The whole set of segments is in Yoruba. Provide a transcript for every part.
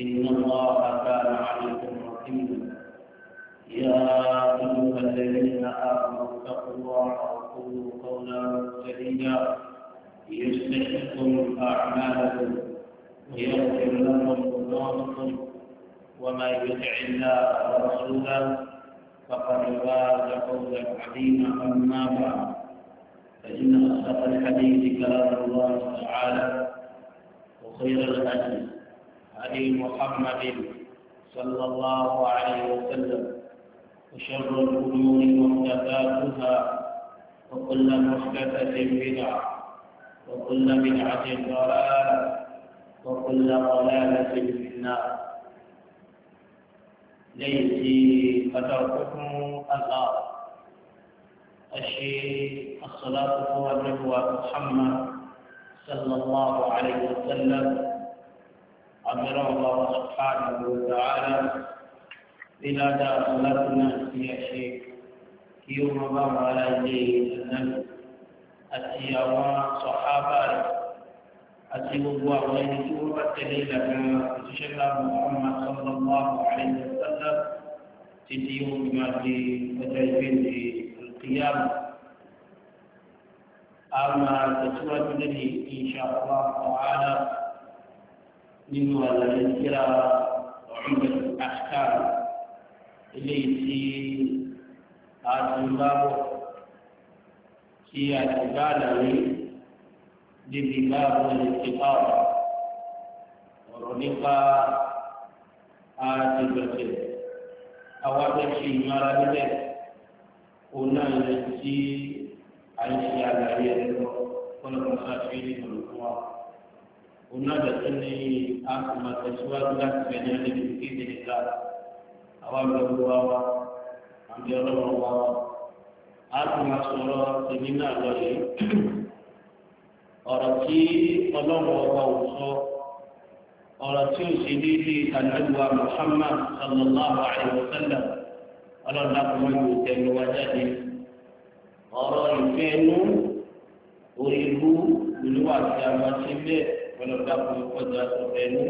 إن الله كان عليكم رحيما يا أيها الذين آمنوا اتقوا الله وقولوا قولا سديدا يصلح لكم أعمالكم ويغفر لكم ذنوبكم ومن يطع الله ورسوله فقد فاز فوزا عظيما أما بعد فإن أصدق الحديث كلام الله تعالى وخير الحديث هدي محمد صلى الله عليه وسلم وشر الأمور محدثاتها وكل محدثة بدعة وكل بدعة ضلالة وكل ضلالة في النار ليتي فترككم الأرض الشيء الصلاة والنبوة محمد صلى الله عليه وسلم أمره الله سبحانه وتعالى إلى دارتنا في شيخ يوم مر على يدي النبي أتي صحابة أتي الله وإن توبة لك تشكى محمد صلى الله عليه وسلم تديون ما في في القيامة أما تسوى مني إن شاء الله تعالى nínú àlàyé kíra ọ̀rùn àṣkár eléyìí tí a ti ń bábọ̀ tí a ti bá àlàyé níbi báàbọ̀ lè ti bá ọ̀rọ̀ ọ̀rọ̀ nípa àdìgbẹ̀tẹ̀ àwọn abẹ́sí ìmọ̀ra níbẹ̀ òun náà lè ti àìsí àlàyé ẹ̀rọ kọ́lọ́mọ́sá fi nínú wa onáda tó ní àtúmọ̀tẹ̀síwájú láti bẹ̀rẹ̀ ní ibi tí ìdílé ká àwa gbogbo wa wa àbí ọlọ́run wa wa àtúmọ̀sọ̀rọ̀ tèmi náà lọ yìí ọ̀rọ̀ tí ọlọ́run ọba ò sọ ọ̀rọ̀ tí ò sí nílé ànágbà Muhammad sallallahu alayhi wa sallam ọlọ́run àkọ́mọ́ yóò tẹnu wa jáde ọ̀rọ̀ ìfẹ́ inú òyìnbó ìlú àti àwọn bẹ́ẹ̀. ọlọ́dàkùn ọjà ọ̀fẹ́ ní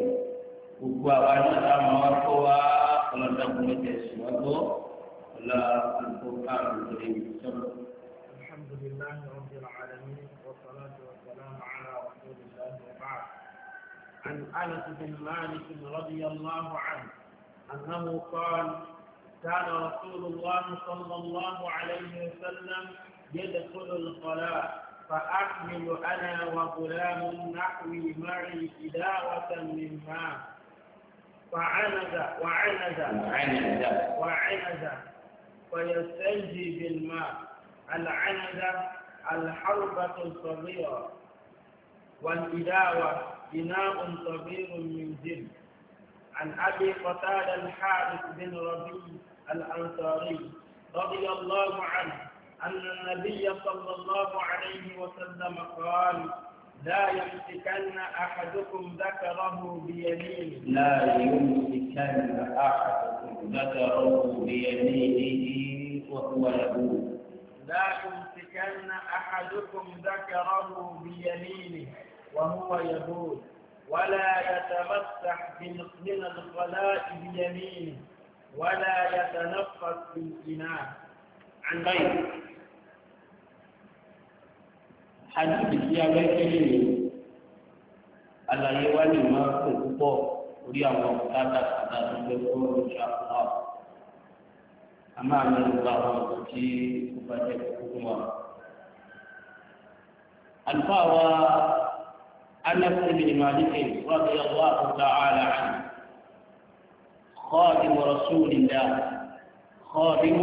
gbogbo àwa náà táwọn wá kọ́ wá ọlọ́dàkùn ọjà ìṣòwò ọlá olùkọ́ àrùn ìrìn ìṣòwò. الحمد لله رب العالمين والصلاة والسلام على رسول الله وبعد عن أنس بن مالك رضي الله عنه أنه قال كان رسول الله صلى الله عليه وسلم يدخل الخلاء فأحمل أنا وغلام نحوي معي إداوة من ماء فعنز وعنز وعنز وعنز فيستنجي بالماء العنز الحربة الصغيرة والإداوة بناء صغير من جلد عن أبي قتادة الحارث بن ربيع الأنصاري رضي الله عنه أن النبي صلى الله عليه وسلم قال لا يمسكن أحدكم ذكره بيمينه لا يمسكن أحدكم ذكره بيمينه وهو يقول لا يمسكن أحدكم ذكره بيمينه وهو يقول ولا يتمسح من الخلاء بيمينه ولا يتنفس بالإناث عن غيره حديث في غيره àlàyé wa lè máa pè púpọ̀ lórí àwọn bùkátà kàdá tó gbé fún ìṣà wa a máa ní ìgbà àwọn ọ̀sán tí kò bá jẹ́ kókó fún wa. àlùfáà wa Anas ibn Malik radiyallahu ta'ala anhu خادم رسول الله خادم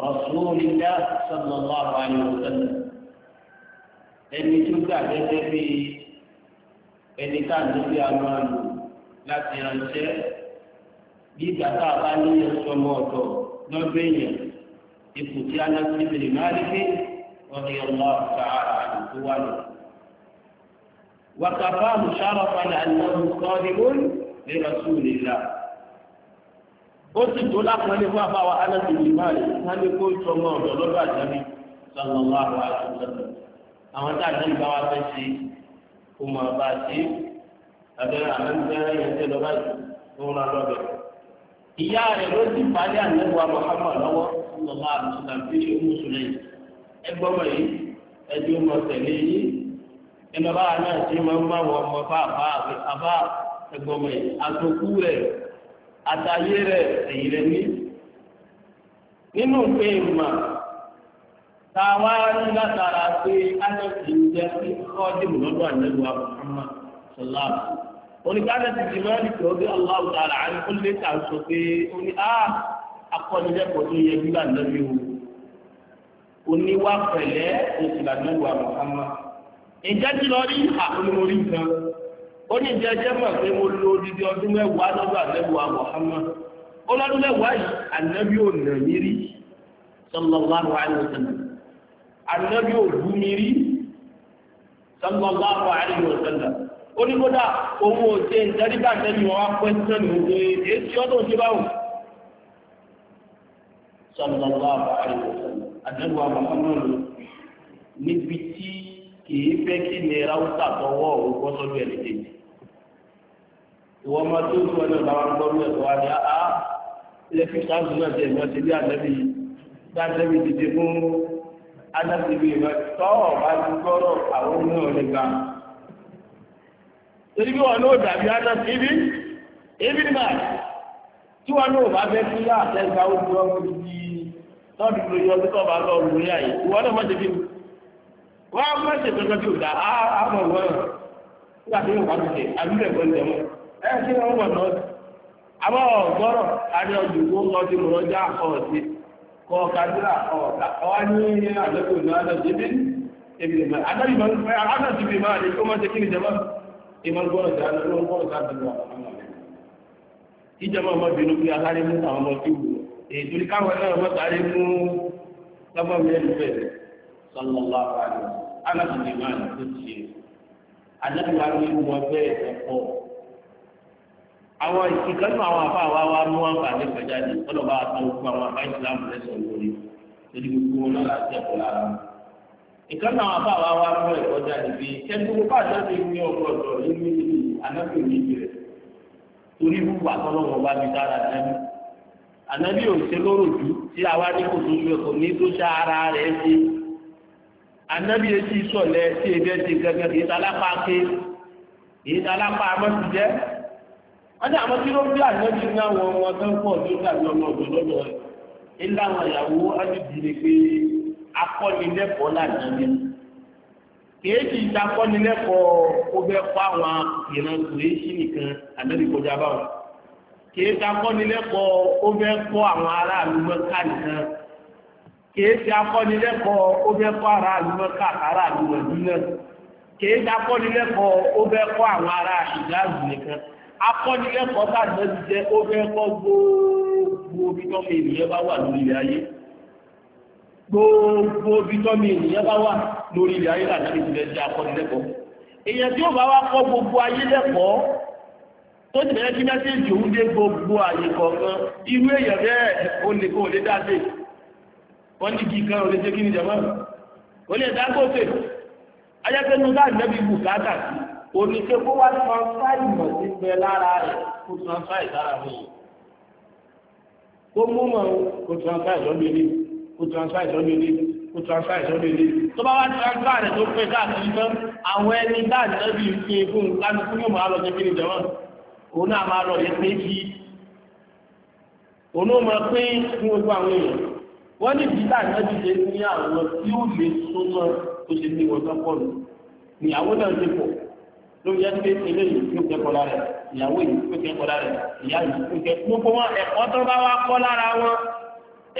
رسول الله صلى الله عليه وسلم ẹni tó gbà gẹ́gẹ́ bí ẹni tá à ń lórí àwọn àlò láti ránṣẹ́ bí ìgbà tá a bá ní ẹ̀sọ́ ọmọ ọ̀dọ̀ lọ́dún èèyàn ipò tí a lọ sí ìbèrè máa rí pé ọ̀rẹ́ ọmọ ọ̀tá àlò tó wà lọ. وكفاه شرفا أنه صادق لرسول الله ó sì tó lápọn ilé fún àbáwá alẹ́sìn ìbáyé wọ́n lè kó ìtọ́mọ ọ̀dọ́ lọ́dọ̀ àjẹmí sọlọ́lá àwọn àṣìṣe àwọn tá àjẹmí bá wá fẹ́ ṣe kó mọ ọba ṣe abẹ́rẹ́ àmẹ́fẹ́rẹ́ yẹn tẹ́ lọ́ba ìṣòro lọ́bẹ̀. ìyá rẹ̀ ló sì balẹ̀ àlẹ́wà Muhammad lọ́wọ́ sọlọ́lá àṣìṣe àti ìmùsùlẹ̀ yìí ẹdí àtàyé rẹ̀ èyí rẹ̀ ní. nínú pé ìmọ̀ tá a wá rí látara pé ánẹ́tì ń jẹ́ sí kọ́ọ̀dìmù lọ́dọ̀ àlẹ́wà Muhammad sallam oníkálẹ́tì ti máa ń di tòóbí Allahu ta'ala àrí kó lè kà ń sọ pé ó ní akọ́nilẹ́kọ̀ọ́ tó yẹ bí lànàbí o oníwà pẹ̀lẹ́ oṣù lànàbí wa Muhammad lọ rí àkónímọ̀rí nǹkan ó ní ìjẹ́ ẹjẹ́ mọ̀ pé mo lo odidi ọdún mẹ́wàá lọ́dọ̀ àlẹ́wàá Muhammad ó lọ́dún mẹ́wàá yìí ànábì ò nà mí rí sallallahu alaihi wasallam ànábì ò bú mi rí sallallahu alaihi wasallam ó ní kódà owó ṣe ń darí bá àtẹ́bí wọn wá pẹ́ sẹ́nu èé tí ọdún ṣe báwò sallallahu alaihi wasallam àtẹ́bí níbi tí kìí fẹ́ kí ni ráúsà tọwọ́ òun kọ́ sọ́dọ̀ ẹ̀ ìwọ máa tó ìwọ náà bá wọn gbọ́dọ̀ ẹ̀kọ́ wa ní àá ah, ah, ilé fífà ń sùn náà ti ẹ̀gbọ́n ti bí àtẹ́bí bí àtẹ́bí ti di fún adájọ́bí rẹ tọ́ọ̀ bá ti gbọ́dọ̀ àwọn náà lè gbà. torí bí wọn náà dàbí adájọ́ ibi ibi nígbà tí wọn náà bá fẹ́ kí àtẹ́gbà ó gbọ́ di tọ́ọ̀dù lórí ọdún tó bá lọ lórí àyè ìwọ náà má ti fi wọ́n á má ṣètò ọjọ́ tí ò dá á á mọ̀ wọ́n nígbà tí wọ́n bá ti ṣe àbí bẹ́ẹ̀ gbọ́dọ̀ mọ́ ẹ kí wọ́n wọ̀ lọ sí àmọ́ ọ̀gbọ́rọ̀ àrí ọdún tó ń lọ sí mọ̀rọ́jà ọ̀sẹ̀ kọ́ kádúrà ọ̀ọ̀ta ọwá ní àlọ́gbọ̀n náà lọ sí bíi ìbìlẹ̀ ìjọba ọmọ ìbínú pé aláré mú àwọn ọmọ tí wù èdè káwọn náà wọ́n tàrí mú lọ́gbọ́n mẹ́rin bẹ̀rẹ̀ sọlọ́lá àrẹ alábìnrin máa ní tó ti ṣe adájọ́ àwọn ìwọ̀n bẹ́ẹ̀ ẹ̀kọ́ àwọn ìkànnì àwọn àfa àwa wa mú àǹfààní kọjá ní ọlọ́ba àtàwọn àwọn àfa ìsìlámù lẹ́sọ̀ọ́ lórí lórí gbogbo wọn náà láti ẹ̀kọ́ lára ìkànnì àwọn àfa àwa wa mú ẹ̀kọ́ jáde bí kẹ́ńtùkú bá àtàwọn ìwé ọkọ̀ ọ̀dọ̀ nínú ìlú anábì méjì rẹ̀ torí wíwà tọ́lọ́wọ́ bá mi dára lẹ́nu ànábì òṣè lóròjú tí àwa ní kò tó ṣe kò ní wọ́n ní àwọn tí ló bí àjọ́jú ní àwọn ọmọ tó pọ̀ ní ìgbàgbé ọmọ ọ̀dọ́ rẹ̀ ilé àwọn ìyàwó pé akọ́nilẹ́kọ̀ọ́ kó bẹ́ kọ́ àwọn ìran nìkan ó bẹ́ kọ́ àwọn aráàlú mọ́ká nìkan ti akọ́nilẹ́kọ̀ọ́ ó bẹ́ kọ́ àwọn ará akọ́nilẹ́kọ̀ọ́ bá nẹ́bí jẹ́ ó fẹ́ kọ́ gbogbo obi tọ́mọ ènìyàn bá wà lórí ilẹ̀ ayé gbogbo obi tọ́mọ ènìyàn bá wà lórí ilẹ̀ ayé láti fi lẹ́ jẹ́ akọ́nilẹ́kọ̀ọ́ èèyàn tí ó bá wá kọ́ gbogbo ayé lẹ́kọ̀ọ́ tó ti bẹ̀rẹ̀ kí mẹ́sẹ̀jì òun dé gbogbo àyè kọ̀ọ̀kan irú èèyàn bẹ́ẹ̀ ó lè kó lè dáadé wọ́n ní kí kan ò lè jẹ́ kí ni jàmọ́ dá kóòtè ajẹ́pẹ́nu bá oníṣe kó wá transfer ìmọ̀ sí bẹ lára rẹ̀ kó transfer ìdára mi kó mú mọ̀ kó transfer ìlọ́lẹ̀ ilé kó transfer ìlọ́lẹ̀ ilé kó transfer ìlọ́lẹ̀ ilé tó bá wá transfer rẹ̀ tó pẹ́ káàkiri tán àwọn ẹni dáàdì náà bí ṣe fún kálukú yóò máa lọ sí kí ni jẹ́wọ́n òun náà máa lọ yẹ pé kí òun náà máa pín fún gbogbo àwọn èèyàn wọ́n ní bíbá náà ti lé ní àwọn tí ó lè sọ́nà tó ṣe ní ìwọ̀n tó nù ìyàwó náà ti pọ̀ tó yẹ kí eléyìí tó kẹ́kọ̀ọ́ lára rẹ̀ ìyàwó yìí tó kẹ́kọ̀ọ́ lára rẹ̀ ìyá yìí tó kẹ́kọ̀ọ́ gbogbo wọn ẹ̀kọ́ tó bá wá kọ́ lára wọn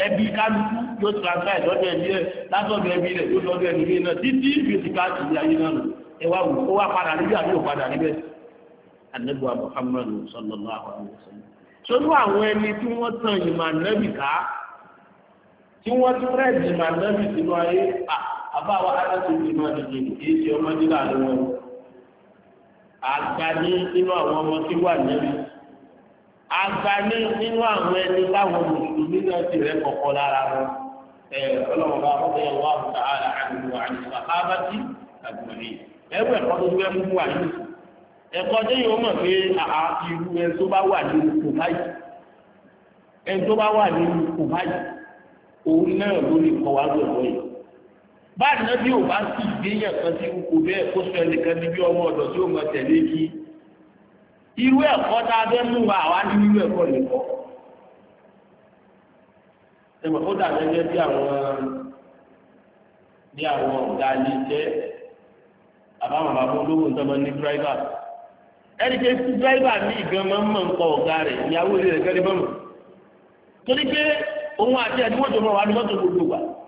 ẹbí kálukú yóò tìlànà ìdọ́dọ̀ ẹbí rẹ̀ látọ̀dọ̀ ẹbí rẹ̀ yóò lọ́dọ̀ ẹbí rẹ̀ náà títí ìgbésí ká ti ayé náà lò ẹ wá wò ó wá padà níbí àbí ò padà níbẹ̀. anabuwa muhammadu sallallahu alayhi wa sallam. sọ́dọ̀ àwọn ẹni tí wọ́n tan ìmọ̀ ànábì ká tí wọ́n tún rẹ̀ ìmọ̀ ànábì sínú ayé àbáwọ̀ adájọ́ ìmọ̀ àdìjì kì í ṣe ọmọdé láàrin wọn agbani nínú àwọn ọmọ tí wà nẹ́bí agbani nínú àwọn ẹni táwọn mùsùlùmí náà ti rẹ kọ̀kọ́ lára wọn ẹ ọlọ́run bá ọ̀dọ̀ yẹn wà fún ààrẹ àdúgbò àdúgbò àbábátì àgbọ̀nrín ẹgbẹ́ ẹ̀kọ́ tó gbẹ́ fún wa yìí ẹ̀kọ́ tó yìí ó mọ̀ pé àá irú ẹni tó bá wà nínú kò báyìí ẹni tó bá wà nínú kò báyìí òun náà ló lè kọ́ wá lọ́wọ́ yìí báyìí náà bí o bá sì gbéyàn kan sí kò bẹ́ẹ̀ kó sọ ẹnìkan níbi ọmọ ọ̀dọ̀ tí ó mọ tẹ̀lé kí irú ẹ̀kọ́ tá a fẹ́ mú wa àwa ní irú ẹ̀kọ́ nìkọ́ ẹ̀mọ̀ ó dàbí ẹgbẹ́ bí àwọn bí àwọn ọ̀gá ilé jẹ́ àbáwọn bàbá olówó ń tọ́mọ ní dírẹ́fà ẹni pé dírẹ́fà ní ìgbọ́n máa ń mọ̀ nǹkan ọ̀gá rẹ̀ ìyàwó ilé rẹ̀ kẹ́lẹ́ bọ́mọ̀ torí pé òun àti ẹ̀dínwó tó mọ̀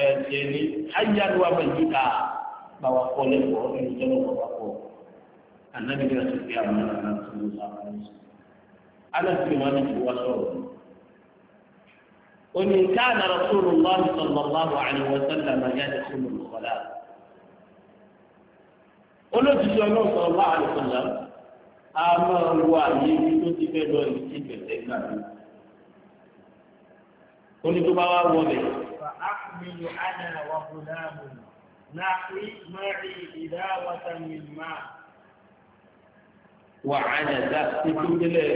ẹ̀ẹ́dẹ̀ ní ayélujára bẹ̀ yí ká bá wa kọ́ lẹ́kọ̀ọ́ nínú jẹ́nu bá wa kọ́ ànábi ní ọ̀sẹ̀ pé àwọn ọ̀nà tó ń sá fún un. aláàfin wọn ti wá sọ̀rọ̀ oni kaana rasulillahi sallallahu alaihi wa sallam ya ni sunu lukala olójijì ọlọ́run sallallahu alaihi wa sallam a máa wọ àyè ibi tó ti fẹ́ lọ ìdí ìgbẹ̀sẹ̀ gbàgbé فأحمل أنا وغلام نحوي معي إداوة من ماء وعنز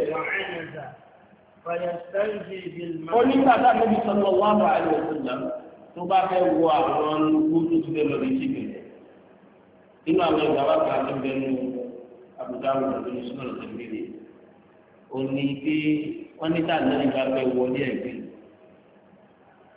وعنز فيستنجي بالماء ولما كان النبي صلى الله عليه وسلم تبقى هو عن كتب المريسي inú àwọn ìgbàwá kan tó bẹ nínú abudulayi ọdún ní sinú ọdún tẹlifíde òní pé wọn ní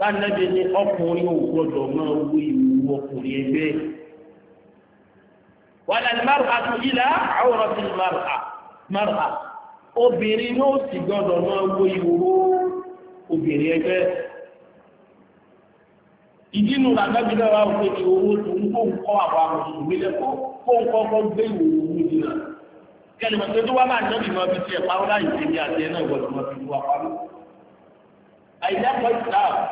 tánàbí ni ọkùnrin ò gbọdọ̀ máa wo ìwú ọkùnrin ẹgbẹ́ wà láti márùá tó ilá àwòrán sí márùá obìnrin náà sì gbọdọ̀ máa wo ìwú obìnrin ẹgbẹ́ ìdínú làgbàgbà wa òfin ni owó tó ń kó nǹkọ́ àwọn amòsùnmí lẹ́kọ̀ọ́ kó nǹkọ́ kọ́ gbé ìwòwò owó jìnnà kẹlẹ̀ mọ̀ tó wá máa nọ́bì mọ́ bí tiẹ̀ pàwọ́ láyé tèmi àti ẹ̀ náà gbọ́dọ̀ mọ́ fi wá pamọ́. àìdákọ̀ ìsìláàmù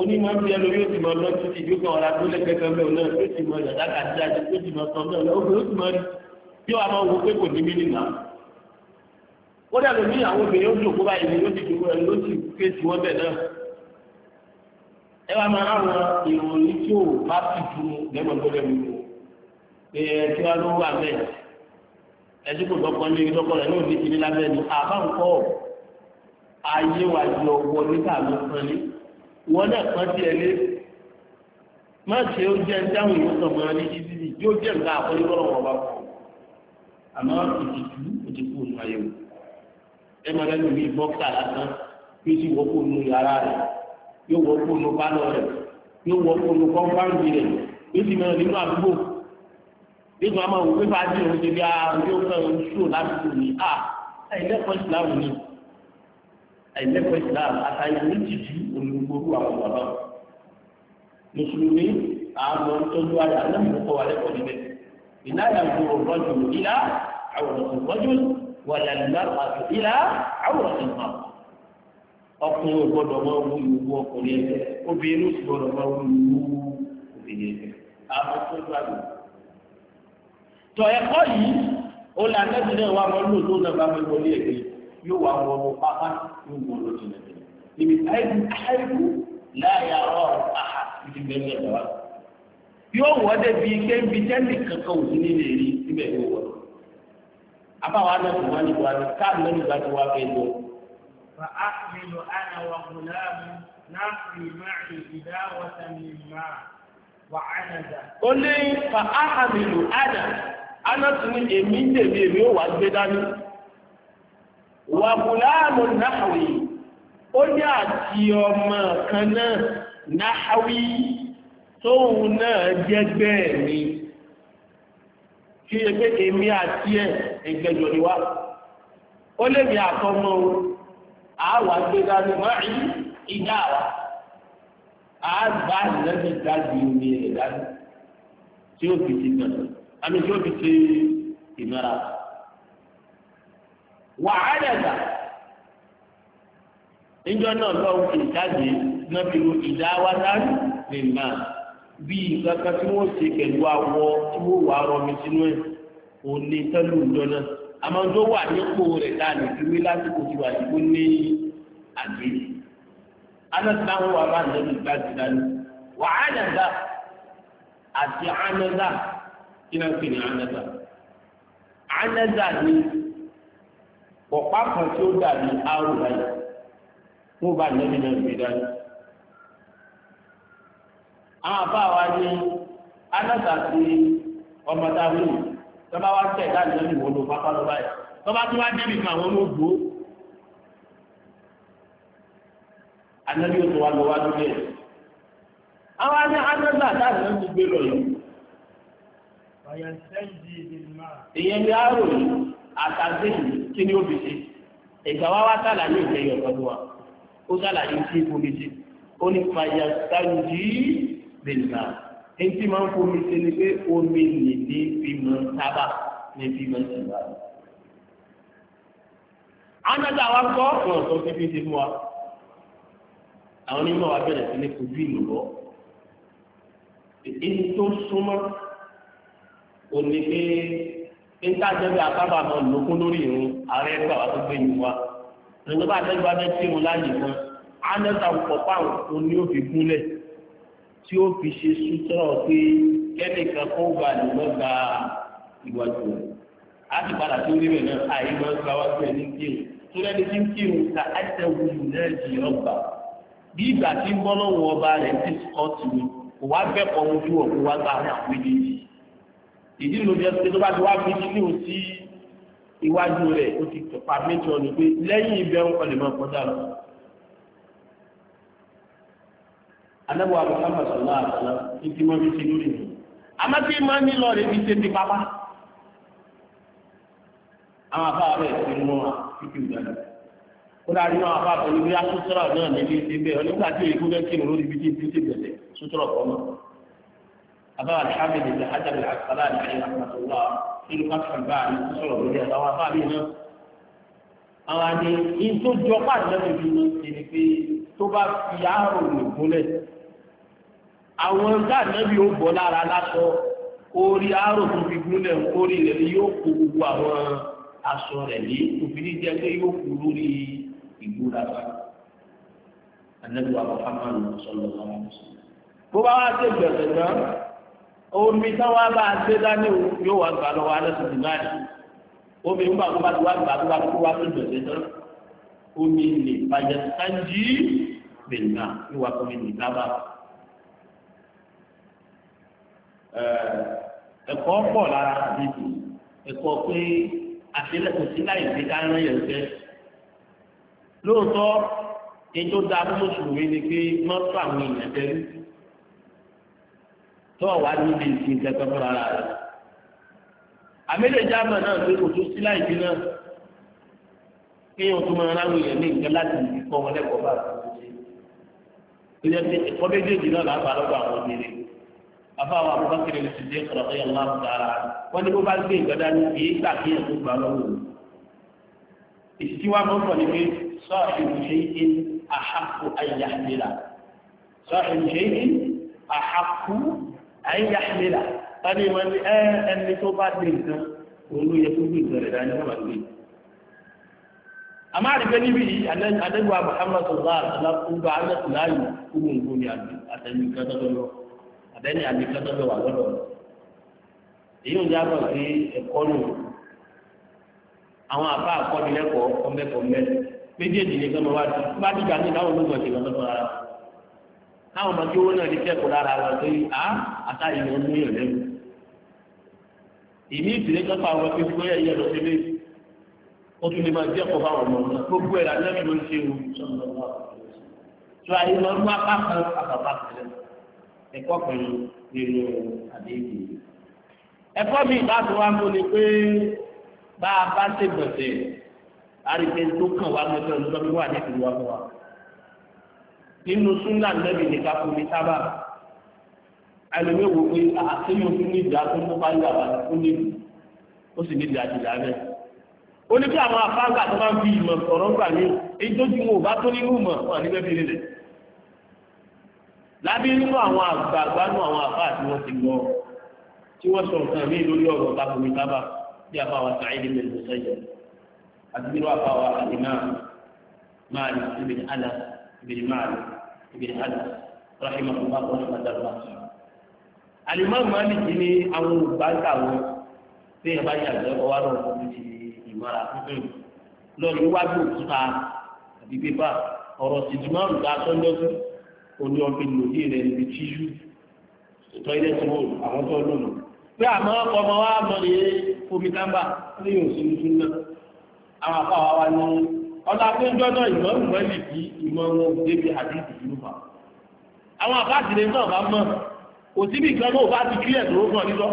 onímọ̀ ń bí ẹnu yóò ti mọ lọ títí yóò kàn ọ́ra tó lẹ́gbẹ̀ẹ́ kan bẹ́ẹ̀ náà yóò ti mọ yàrá kàdí àti yóò ti mọ sọ́ọ́ náà lọ́wọ́ yóò ti mọ rí yóò wá máa wo pé kò ní mí nìyà. ó dà lómi àwọn obìnrin ó dùn kó báyìí ni yóò ti dùn ẹni ló ti ké sí wọn bẹ́ẹ̀ náà. ẹ wá máa ráwọn ìròyìn tí ò bá ti dùn lẹ́mọ̀lẹ́mọ̀ ẹ̀ẹ́dí wa ló wà bẹ́ẹ̀ ẹtí kò dọ́kọ ní ìdọ́kọ rẹ̀ náà ní ìdílé wọn náà pọ́n sí ẹlé má ṣe ó jẹ́ dáhùn ìwọ́n kan mọ́ ní ìdílé yóò jẹ́ nǹkan àkọ́lé wọ́n wọn bá kọ́ àmọ́ ìtìjú òtìkú òun ayẹwo ẹ máa lẹ́nu mi bọ́kítà lásán yóò sì wọ́pọ̀ nù yàrá rẹ̀ yóò wọ́pọ̀ nù pálọ̀ rẹ̀ yóò wọ́pọ̀ nù kọ́ńpáǹdì rẹ̀ yóò sì máa nínú àdúgbò yóò máa wò pé fàájì òun ti bí a yóò fẹ́ òun ṣò lásìkò ní a àìlẹ́kọ̀ọ́ ìsìláàmù ni àìlẹ́kọ̀ọ́ ìsìláàmù àtàyè méjì ju òun gbogbo orú àwọn bàbá mùsùlùmí àmọ́ ntọ́jú ayé alámùkọ́ wa lẹ́kọ̀ọ́ níbẹ̀ ìnáyà gbòòrò rọ́jò ìlà àwòrán rọ́jò wàlẹ̀ lọ́pàá ìlà àwòrán ìmọ̀ ọkùnrin ò gbọdọ̀ máa wú ìwú ọkùnrin ẹgbẹ́ obìnrin ò sì gbọdọ̀ máa wú ìwú obìnrin ẹgbẹ́ àmọ́ ntọ́jú ayé. tọ̀ ẹ̀kọ́ yìí ó lè anẹ́bí náà wà lò tó náà bá mi yóò wà wọ́n pápá yóò wọ́n lò من أين أحدكم لا يراه أحد من بين الجواب yóò wọ́n dẹ̀ bíi ké ń bi tẹ́lẹ̀ kankan òsì ní lè rí síbẹ̀ yóò wọ́n. Abáwa náà kò wọ́n ní wa ní káàmù lẹ́nu bá ti wá fẹ́ lọ. Fa ní fa á àmìlò Aná tún ní èmi ń dèbí èmi ó wá gbé dání. Wà gùnàmù náà wì ó yà àti ọmọ kan náà náháwí tóun náà jẹ́gbẹ́ ni kí ẹ pé èmi àti ẹ̀ ni wá ó lè mi àtọmọ o àwa gbé dání ìdá wa a ìlẹ́bí dájú omi ẹ̀ dájú tí ó fi ti àmì tí ó fi ti níjọ́ náà lọ́wọ́ kì í jáde náà fi lu ìdá wa dárú nìgbà bí nǹkan kan tí wọ́n ṣe pẹ̀lú awọ tí wọ́n wà rọmi sínú ẹ̀ òní tẹ́lú ìjọ náà àmọ́ tó wà nípò rẹ̀ tá a lè fi wí tí wà ní kó ní àgbè anasilahu wa bá nàbí gbàgbé dání wà á nàdá àti ánádà kí pè ní ánádà ánádà ni ọ̀pá kan tí ó dàbí aró báyìí fún bá nẹ́bí náà gbé dání. àwọn àbá wa ní anáta sí ọmọ tá a wù yìí tó bá wá tẹ̀ láti lọ́nà ìwọ̀n ló pápá lọ́ba yìí tó bá tún wá débi fún àwọn olóògbé anábí ó tó wá lọ wá lókè. àwọn á ní anáta láti lọ́nà ìgbé lọ yìí. ìyẹn ni a yìí àtàgbé yìí kí ni ó fi ṣe ìgbà wa wá sàlàyé ìgbẹ́yọ̀ tọ́jú wa ó sàlàyé tí omi ṣe ó ní fàyà sáyidì bèlà ẹni tí máa ń fomi ṣe ni pé omi nìdí bímọ sábà ní bímọ síbà. anáta wa kọ́ wọn sọ fífi ṣe fún wa àwọn onímọ̀ wa bẹ̀rẹ̀ sí ní kojú ìlú lọ èyí tó súnmọ́ òní pé nígbà tẹ́lẹ̀ àbábà máa lókun lórí ìrún ààrẹ gbà wá tó gbé yìí wá lọ́dọ̀ bá tẹ́lú bá fẹ́ tí wọn láàyè kan ánẹ́ta pọ̀pá òun ni ó fi gúnlẹ̀ tí ó fi ṣe sútọ́rọ̀ pé kẹ́nìkan kó gbà lọ́gbọ́n gba ìwájú rẹ̀ á sì padà tó rí rẹ̀ náà àyè máa ń gba wájú ẹ̀ ní kírun tó lẹ́ni tí ń kírun ta ẹsẹ̀ wuyù náà di ọgbà bí ìgbà tí ń bọ́ lọ́wọ́ ọba rẹ̀ ti sọ́ọ̀tì ni kò wá bẹ́ẹ̀kọ́ ojú ọ̀gbọ́n wá gbà àwọn méjèèjì ìdí ìlú iwájú rẹ̀ ó ti tọ̀pa méjì ọ̀nà pé lẹ́yìn ibẹ̀ ń kọ́ lè máa kọjá lọ. anábọ̀ Muhammad sallallahu alaihi wasallam ní tí wọ́n fi ṣe lórí mi. àmọ́ tí máa ń nílò rẹ̀ fi ṣe ti pápá. àwọn afáà rẹ̀ ti mú wa títí ìgbàlá. ó dáa nínú àwọn afáà pẹ̀lú bí asúsọ́rọ̀ náà nílé ìṣẹ́ bẹ́ẹ̀ onígbà tí èkó fẹ́ kí أبا الحامد بن حجر العسقلاني عليه رحمة الله في فتح الباري صلى الله عليه وسلم àwọn àti ìtò jọpá lẹ́nu ìlú ṣe ni pé tó bá fi àrùn nìkúnlẹ̀ àwọn dáàbẹ́bí ó bọ́ lára láṣọ orí àrùn tó fi gúnlẹ̀ orí rẹ̀ yóò kó gbogbo àwọn aṣọ rẹ̀ ní òfin jẹ́ pé yóò kú lórí ìgbóra wa anábìwá Muhammadu sọlọ lọ́wọ́ bó bá wá sí ìgbẹ̀sẹ̀ náà omi táwa bá a ṣe dání o yóò wá gbà lọ́wọ́ alẹ́sùn ní báyìí omi ń bá tó bá tó wá gbà tó bá tó wá tó dọ̀tẹ́ tán omi lè bàjẹ́ sáńjì bẹ̀rẹ̀ yóò wá omi lè dábàá. ẹ̀kọ́ pọ̀ lára àbíkù ẹ̀kọ́ pé àṣelẹ́kùn sí láì fi dáná yẹn fẹ́ lóòótọ́ ètò dáa fún mùsùlùmí ni pé mọ́tò àwọn èèyàn tẹ́lẹ̀ tó wà wá níbi ìsìn kẹtọ fún ara rẹ àmẹlẹjà àmà náà pé kò tó sí láìsí náà kéèyàn tó máa ráwọ èèyàn ní nǹkan láti ìdí kọ́ wọn lẹ́kọ̀ọ́ bá àtúntò ṣe tó yẹ pé ẹ̀kọ́ méjèèjì náà làá bá lọ́dọ̀ àwọn obìnrin bàbá wa bàbá kiri ti dé kọ̀ọ̀kan yẹn láàbù dára wọn ni bó bá gbé nǹkan dání kì í gbà kéèyàn tó gbà lọ́wọ́ ìsìtí wa pọ̀ ní pé sọ́ọ̀ṣì ìṣe àyíyá àmìlà tàbí wọn ní ẹni tó bá dé nǹkan òun ló yẹ kó gbé nǹkan rẹ̀ dání wọn bá gbé. àmọ́ àdìgbẹ́ níbi yìí àdẹ́gbà Muhammad sọ̀rọ̀ àtàlà gbogbo àgbẹ̀tì láàyè gbogbo nǹkan ní àtẹ̀mí kan tọ́jọ́ lọ àtẹ̀mí àmì kan tọ́jọ́ wà lọ́dọ̀ èyí ò ní àbọ̀ sí ẹ̀kọ́ nù àwọn àbá àkọ́nilẹ́kọ̀ọ́ ọmọkọ̀ọ́ mẹ́rin méjèèjì ní kí wọ́n wá ti bá dìgbà ní ìdáhùn ló mọ̀ ṣe táwọn ọmọ tí owó náà lè kẹ́kọ̀ọ́ lára wọn pé á àtàyè wọn mú yàn lẹ́nu ìní ìdílé kápá àwọn pé kí wọ́n yẹ ìyẹn lọ sí ilé ó tún lè máa jẹ́ ọ̀pọ̀ fáwọn ọmọ náà gbogbo ẹ̀rọ alẹ́ ló ń ṣe o tó ayé lọ mú apá kan àbàbà kan ẹ̀kọ́ kan nínú àdéhùn ẹ̀kọ́ mi ìbáṣọ wa mú ni pé bá a bá ṣègbọ̀nsẹ̀ àrígbẹ́ tó kàn wá mọ́tò ọ̀dọ́ mi wà ní ìlú nínú súnà nẹ́bì ní kápò ní sábà àìlèmí wò pé àtẹ́yìn ah, ah, òfin ní ìdá tó ń bá yà wà ó ní ó sì ní ìdá ìdá rẹ̀ ó ní kí àwọn afáàgbà tó máa ń fi ìmọ̀ sọ̀rọ̀ gbà ní èyí tó ti wọn bá tó nínú ìmọ̀ wọn ní bẹ́ẹ̀ bí lábí nínú àwọn àgbààgbà nínú àwọn àfáà tí wọ́n ti lọ tí wọ́n sọ nǹkan mí lórí ọ̀rọ̀ kápòmí sábà bí afáwa sàáyé lè lọ sẹ́yìn àti nínú afáwa àdínà máa ní síbi àlàáfíà بن مالك بن أنس رحمه الله رحمة الله alimami mali ti ni àwọn olùgbàgbà wọn tí ẹ bá yàgbẹ ọwọ́ àwọn ọkùnrin ti ìmọ̀ra tuntun hmm. lọ́ọ̀lù wájú òkúta àbí pépà ọ̀rọ̀ tìtìmọ́ọ̀rù tá a tọ́ lọ́sùn olú ọ̀gbìn lòdì rẹ̀ níbi tíṣú ìtọ́ ilé tó wọ́n àwọn tó lónà pé àmọ́ ọlá tó ń jọ́nà ìmọ̀ ìmọ̀ ìlì kí ìmọ̀ wọn ò débi àdéhùn ìlú fa. àwọn àbáàdìrẹ náà bá mọ̀ kò síbi ìkan náà bá ti kílẹ̀ tó rọ́gbọ̀n nílọ.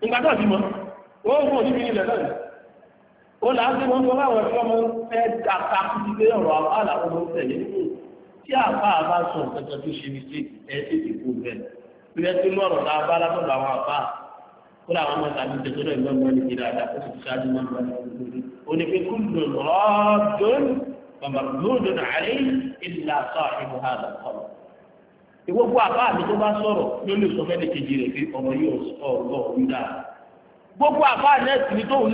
nígbà tó ti mọ̀ ó fún òní nílẹ̀ náà. ó là á sí wọn fún àwọn tí wọn fẹ́ dàka kúti pé ọ̀rọ̀ àbáàlà wọn ló tẹ̀lé. tí àbá àbá sọ nǹkan tó ṣe ní sí ẹ kóra àwọn ọmọ tàbí tẹ̀sọ́dọ̀ ìmọ̀ ìmọ̀ ní ìdíra àdàkọ́ sì ṣáájú mọ́ ìmọ̀ ní ìdíra onípe kúndùn rọ́ọ̀dún bàbá lóòdùn àárẹ̀ ìlà sọ àìmọ̀ àdà kọ̀ọ̀. ìwọ fún àbá mi tó bá sọ̀rọ̀ ló lè sọ fẹ́ni kejì rẹ̀ pé ọmọ yóò sọ ọ̀rọ̀ ọ̀rọ̀ dá. gbogbo àbá nẹ́ẹ̀sì ni tóun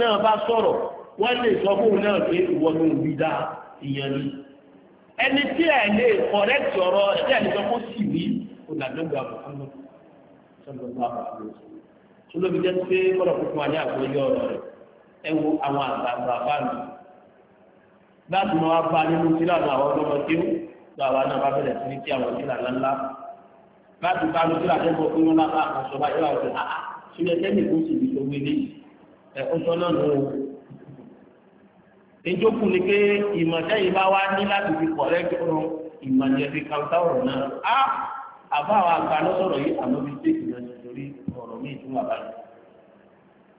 tó lóbi jẹ́ pé kọ́lọ̀ fún wa ní àgbóyé ọ̀rọ̀ rẹ̀ ẹ wo àwọn àgbààgbà bá mi láti máa bá nínú sílà náà àwọn ọlọ́mọ tí ó gba àwa náà bá bẹ̀rẹ̀ sí ní tí àwọn sílà ńláńlá láti bá nínú sílà tẹ́gbọ́ pé wọ́n lábá àkànṣọ bá yọ àwọn àà ah, ah, sílẹ̀ tẹ́lẹ̀ kó sì gbèsè owó ilé ẹ̀ ó sọ náà nù ó. ìjókòó ni pé ìmọ̀tẹ́yìn bá wá ní láti fi kọ̀rẹ́ ìmọ̀jẹ̀ fi kàńtà ọ̀rọ̀ náà á ah, àbá àwọn àgbà lọ́sọ̀rọ̀ yìí fún bàbá yìí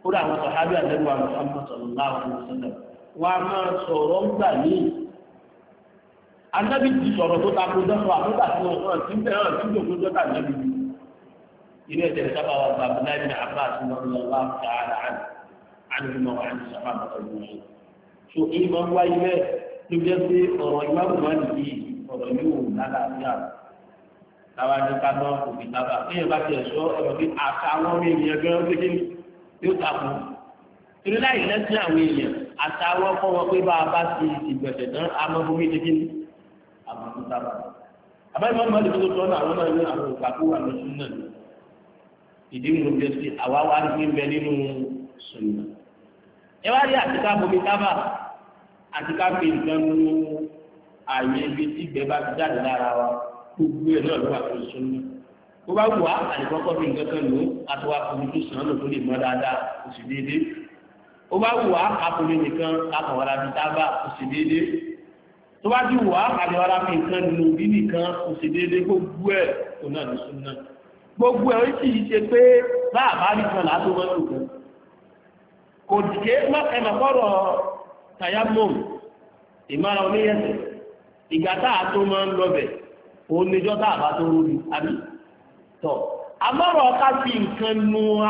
kódà àwọn sọ̀hábí àdẹ́gbà Muhammad sallallahu alaihi wasallam wọn a máa sọ̀rọ̀ ń gbà ní anábì ti sọ̀rọ̀ tó ta kó dọ́sọ̀ àbúgbà tí wọn hàn tí bẹ́ẹ̀ hàn tí gbogbo dọ́ta níbi ilé ẹ̀jẹ̀ sábà wà bàbá náà ní Abbas sallallahu ta'ala anhu ma wà ní táwa ní kátó òbí tábà kéèyàn bá tiẹ̀ sọ ẹ̀rọ bí àtàwọn ọmọ ènìyàn gan ọ́n kékeré yóò takò torí láì lẹ́sìn àwọn èèyàn àtàwọn ọkọ wọn pé bá a bá ti ìgbẹ̀sẹ̀ tán amọ̀bùnmí kékeré àbùkù tábà àbáyé máa ń bàlẹ̀ tó tọ́ náà àwọn náà ní àwọn òkàkú wà ní súnà ìdí mu jẹ sí àwa wá ní bẹ nínú súnà ẹ wá rí àtìká bomi tábà àtìká fi nǹkan nu àyè ibi tí ìgbẹ́ bá ti jáde lára wa gbogbo ẹ̀ náà ló wà fún ìṣúná náà bó bá wù á àdìkọ́kọ́ fi nǹkan kan lò ó àtọwà fún tó sàn án lò tó lè mọ́ dáadáa ó sì déédéé bó bá wù á àpòlè nìkan àkàwọ́ra fi tábà ó sì déédéé tó bá ti wù á àdìwọ́ra fi nǹkan nù bí nìkan ó sì déédéé gbogbo ẹ̀ kò náà ló sún náà gbogbo ẹ̀ ó sì yí ṣe pé bá àbárí kan làá tó mọ́ tó kan kò dìde mọ́kànlá kọ́rọ̀ tayamom ìmọ̀ràn oníyẹ̀sẹ̀ ìgbà táà tó máa ń lọ bẹ̀ẹ́ oníjọ́ tá a bá tó rúbi àbí tọ̀ amọ́rọ̀ ọ̀ká sí nǹkan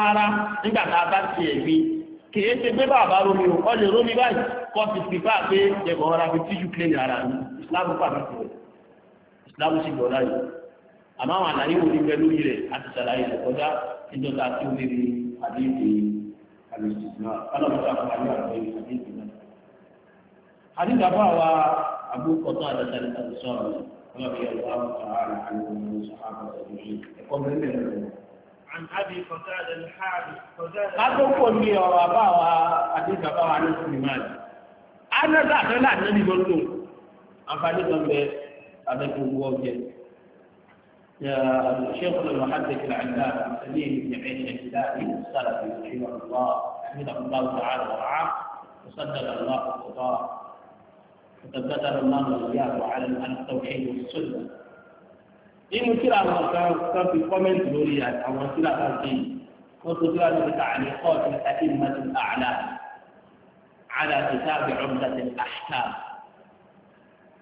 ara nígbà bá ti ẹ̀ kìí ṣe pé bàbá romi o ọ̀lẹ̀ romi báyìí kọ́ ti fi bá pé jẹ̀bọ̀ ọ̀rá fi tíjú kílẹ̀ ara mi islam pàmì tó rẹ̀ islam sì gbọ́ láyé àmọ́ àwọn àlàyé wo lórí rẹ̀ àti rẹ̀ kọjá tí ó àdéhùn àdéhùn àdéhùn àdéhùn رضي الله تعالى عنه الصحابة أجمعين عن أبي قتادة الحارث قتادة هذا هو اللي وراء وأبي بابا عن اسم مالك أنا داخل لا النبي قلت أفعل ذنب أبيك وجه شيخ المحدث العلامة سليم بن عيسى الكتابي السلفي رحمه الله حمده الله تعالى ورعاه وسدد الله خطاه وقد ذكر الله وإياكم على التوحيد والسنة nínú kíra àwọn kan kan fi kọ́mẹ́ǹtì lórí àwọn kíra kan sí wọ́n tó kíra lórí tààlí kọ́ọ̀tù àti ìmọ̀tì àlà àlà tètè àbẹ̀ ọ̀gbọ̀n tètè àṣà.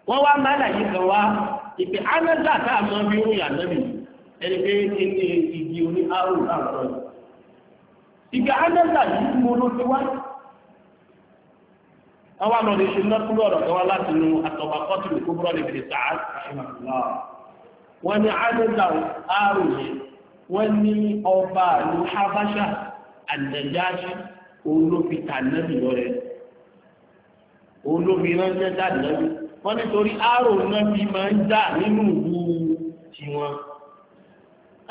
wọ́n wá mẹ́lá yìí kan wá ìpè ánádà tá a máa fi ń yà lẹ́bi ẹni pé kí ni igi oní arò náà sọ yìí. ìpè ánádà yìí mo ló ti wá àwọn àmọ́ lè ṣe lọ́kúrò ọ̀rọ̀ kan wá láti nu àtọ̀bà kọ́tùlù kúbúrọ̀ lè bèrè sàá wọ́n ní àdéjà àrùn yẹn wọ́n ní ọba àlù habasha àdẹ̀jáṣe olóbi tànẹ́bì lọ́rẹ̀ olóbi ránṣẹ́ tànẹ́bì wọ́n nítorí àrùn náà fi máa ń jà nínú ìlú tiwọn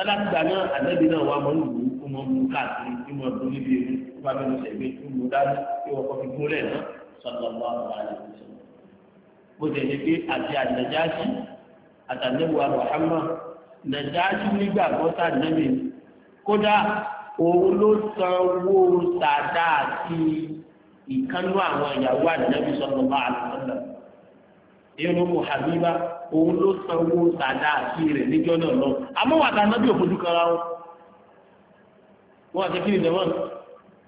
alágbà náà àdẹ́bí náà wà mọ́ ìlú kó mọ́ mú káàkiri kí mọ́ tó níbi ìlú kó bá bẹ́ẹ̀ lọ́sẹ̀ gbé kó mú kí wọ́n kọ́ fi gúnlẹ̀ náà sallallahu alaihi wasallam bó tẹ̀lé pé àti ànàjáṣì àtàlẹ́wà Muhammad nàjáṣì nígbàgbọ́ sàdínẹ́mì kódà òun ló sanwó sàdá àti ìkánú àwọn ìyàwó ànàjáṣì sallallahu alaihi wasallam irun mu Habiba òun ló sanwó sàdá àti rẹ̀ níjọ́ náà lọ àmọ́ wà tà nábì òfojú kan wọn wọn àti kí ni dẹ̀wọ́n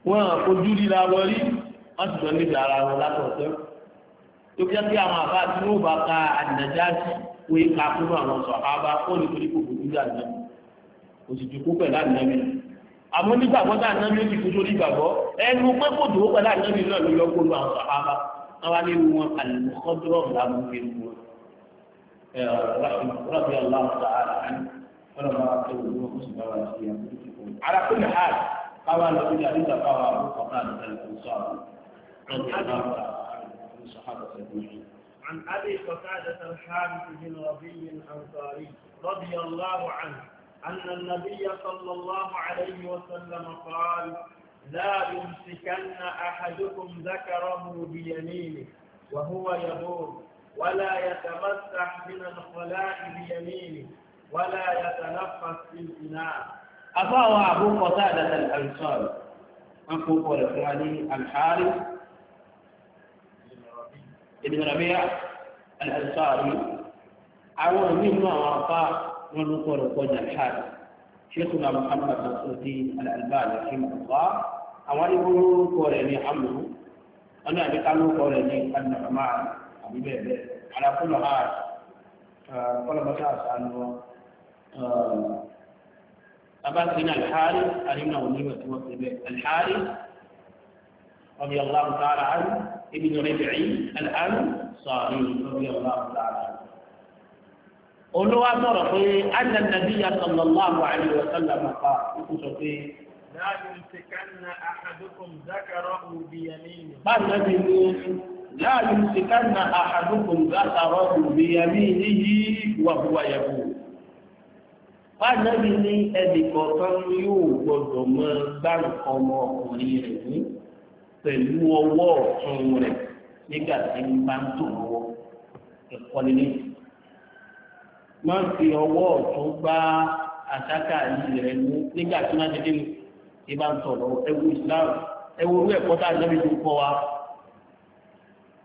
wọn àfojú líla wọn rí wọ́n ti jọ níbi ara wọn látọ̀tọ̀ tó bí wọ́n àwọn àbá tí wọ́n bá ka àdìnàjáde wo ipa fún àwọn sọ̀hábà ó ní torí kò fojú sí àdìnàbí kò sì dùkú pẹ̀lú àdìnàbí àmọ́ nígbàgbọ́ tá àdìnàbí ó ti fojú orí ìgbàgbọ́ ẹnu pé kò dùkú pẹ̀lú àdìnàbí náà ló yọ kó lu àwọn sọ̀hábà àwọn aléwu wọn àlùmọ́kọ́dúrọ̀ làwọn fi ń wọ rọ́bì aláwọ̀ sàárà wọn lọ́wọ́ àti òwúrọ̀ kó sì عن عن أبي قتادة الحارث بن ربي الأنصاري رضي الله عنه أن النبي صلى الله عليه وسلم قال لا يمسكن أحدكم ذكره بيمينه وهو يدور ولا يتمسح من الخلاء بيمينه ولا يتنفس في الإناء أفاوى أبو قتادة الأنصاري ابو قتادة الحارث ابن ربيع الأنصاري عوان منه أعطاه ونقر قد الحال شيخنا محمد نصر الدين الألباني رحمه الله أوان قول قولني عمرو أنا بقالوا قولني النعمان أبي بيبي على كل حال طلب الله أبا أباتنا الحارث علمنا ونيمة وقت الحارث رضي الله تعالى عنه ابن ربعي الأنصاري رضي الله تعالى olówó sọ̀rọ̀ pé anna nabiya sallallahu alayhi wa sallam ká ikú sọ pé. láàyè ti kánna àhàdùkùn zákàrọ̀ òbí yamíni. báyọ̀ ti ní láàyè ti kánna àhàdùkùn zákàrọ̀ òbí yamíni yìí wà wúwa yẹ̀kú. báyọ̀ ti ní ẹnì kọ̀ọ̀kan yóò gbọ́dọ̀ mọ gbàǹkọ̀ ọmọkùnrin rẹ̀ ní pẹ̀lú ọwọ́ ọ̀tún rẹ̀ nígbà tí ń bá ń tò lọ́wọ́ ẹ̀kọ́ nílé. má fi ọwọ́ ọ̀tún gbá àṣàkà yìí rẹ̀ mú nígbà tí wọ́n ti dé ti bá ń tò lọ́wọ́ ẹ̀wù Islam ẹ̀wù orí ẹ̀kọ́ tá a lọ́bi tó kọ́ wa.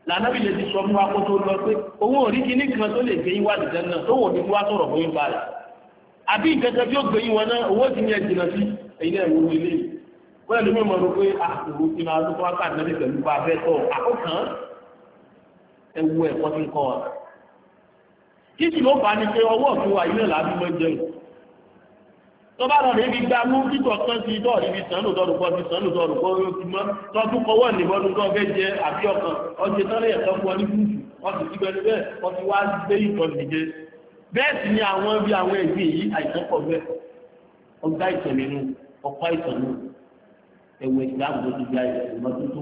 lànàbí lè ti sọ fún wa kó tó lọ pé òun ò rí kíní kan tó lè gbé yín wá dìjẹ́ náà tó wò ní kí wá sọ̀rọ̀ fún yín balẹ̀ àbí ìkẹtẹ tí ó gbé yín wọn náà owó ti ní ẹ̀ wọ́n lè mímọ̀ ló pé àkùrù ah, ti máa ló wá káàdì lórí pẹ̀lú bá abẹ́ tọ̀ àkókàn ẹwu ẹ̀kọ́ ti ń kọ́ wa. kíkì ló bá ní pé ọwọ́ òfin wa ilé làbí mọ́ jẹun. tó bá lọ níbi gbá mú títọ̀ kan ti dọ̀ níbi sàn lò dọ̀rù pọ̀ ti sàn lò dọ̀rù pọ̀ ó ti mọ́ tọ́jú kọwọ́ nìbọnú tó fẹ́ jẹ àbí ọkàn ọtí sọ́lẹ̀ ẹ̀kọ́ fún ọ ní gúúsù ọtí síbẹ̀rẹ̀ bẹ́ẹ̀ ọtí wá gbé ìtọ̀ nìje bẹ́ẹ̀ sì ni àwọn bí àwọn ẹwọ ìsìláàmù tó ti di ayẹ ìmọ́tótó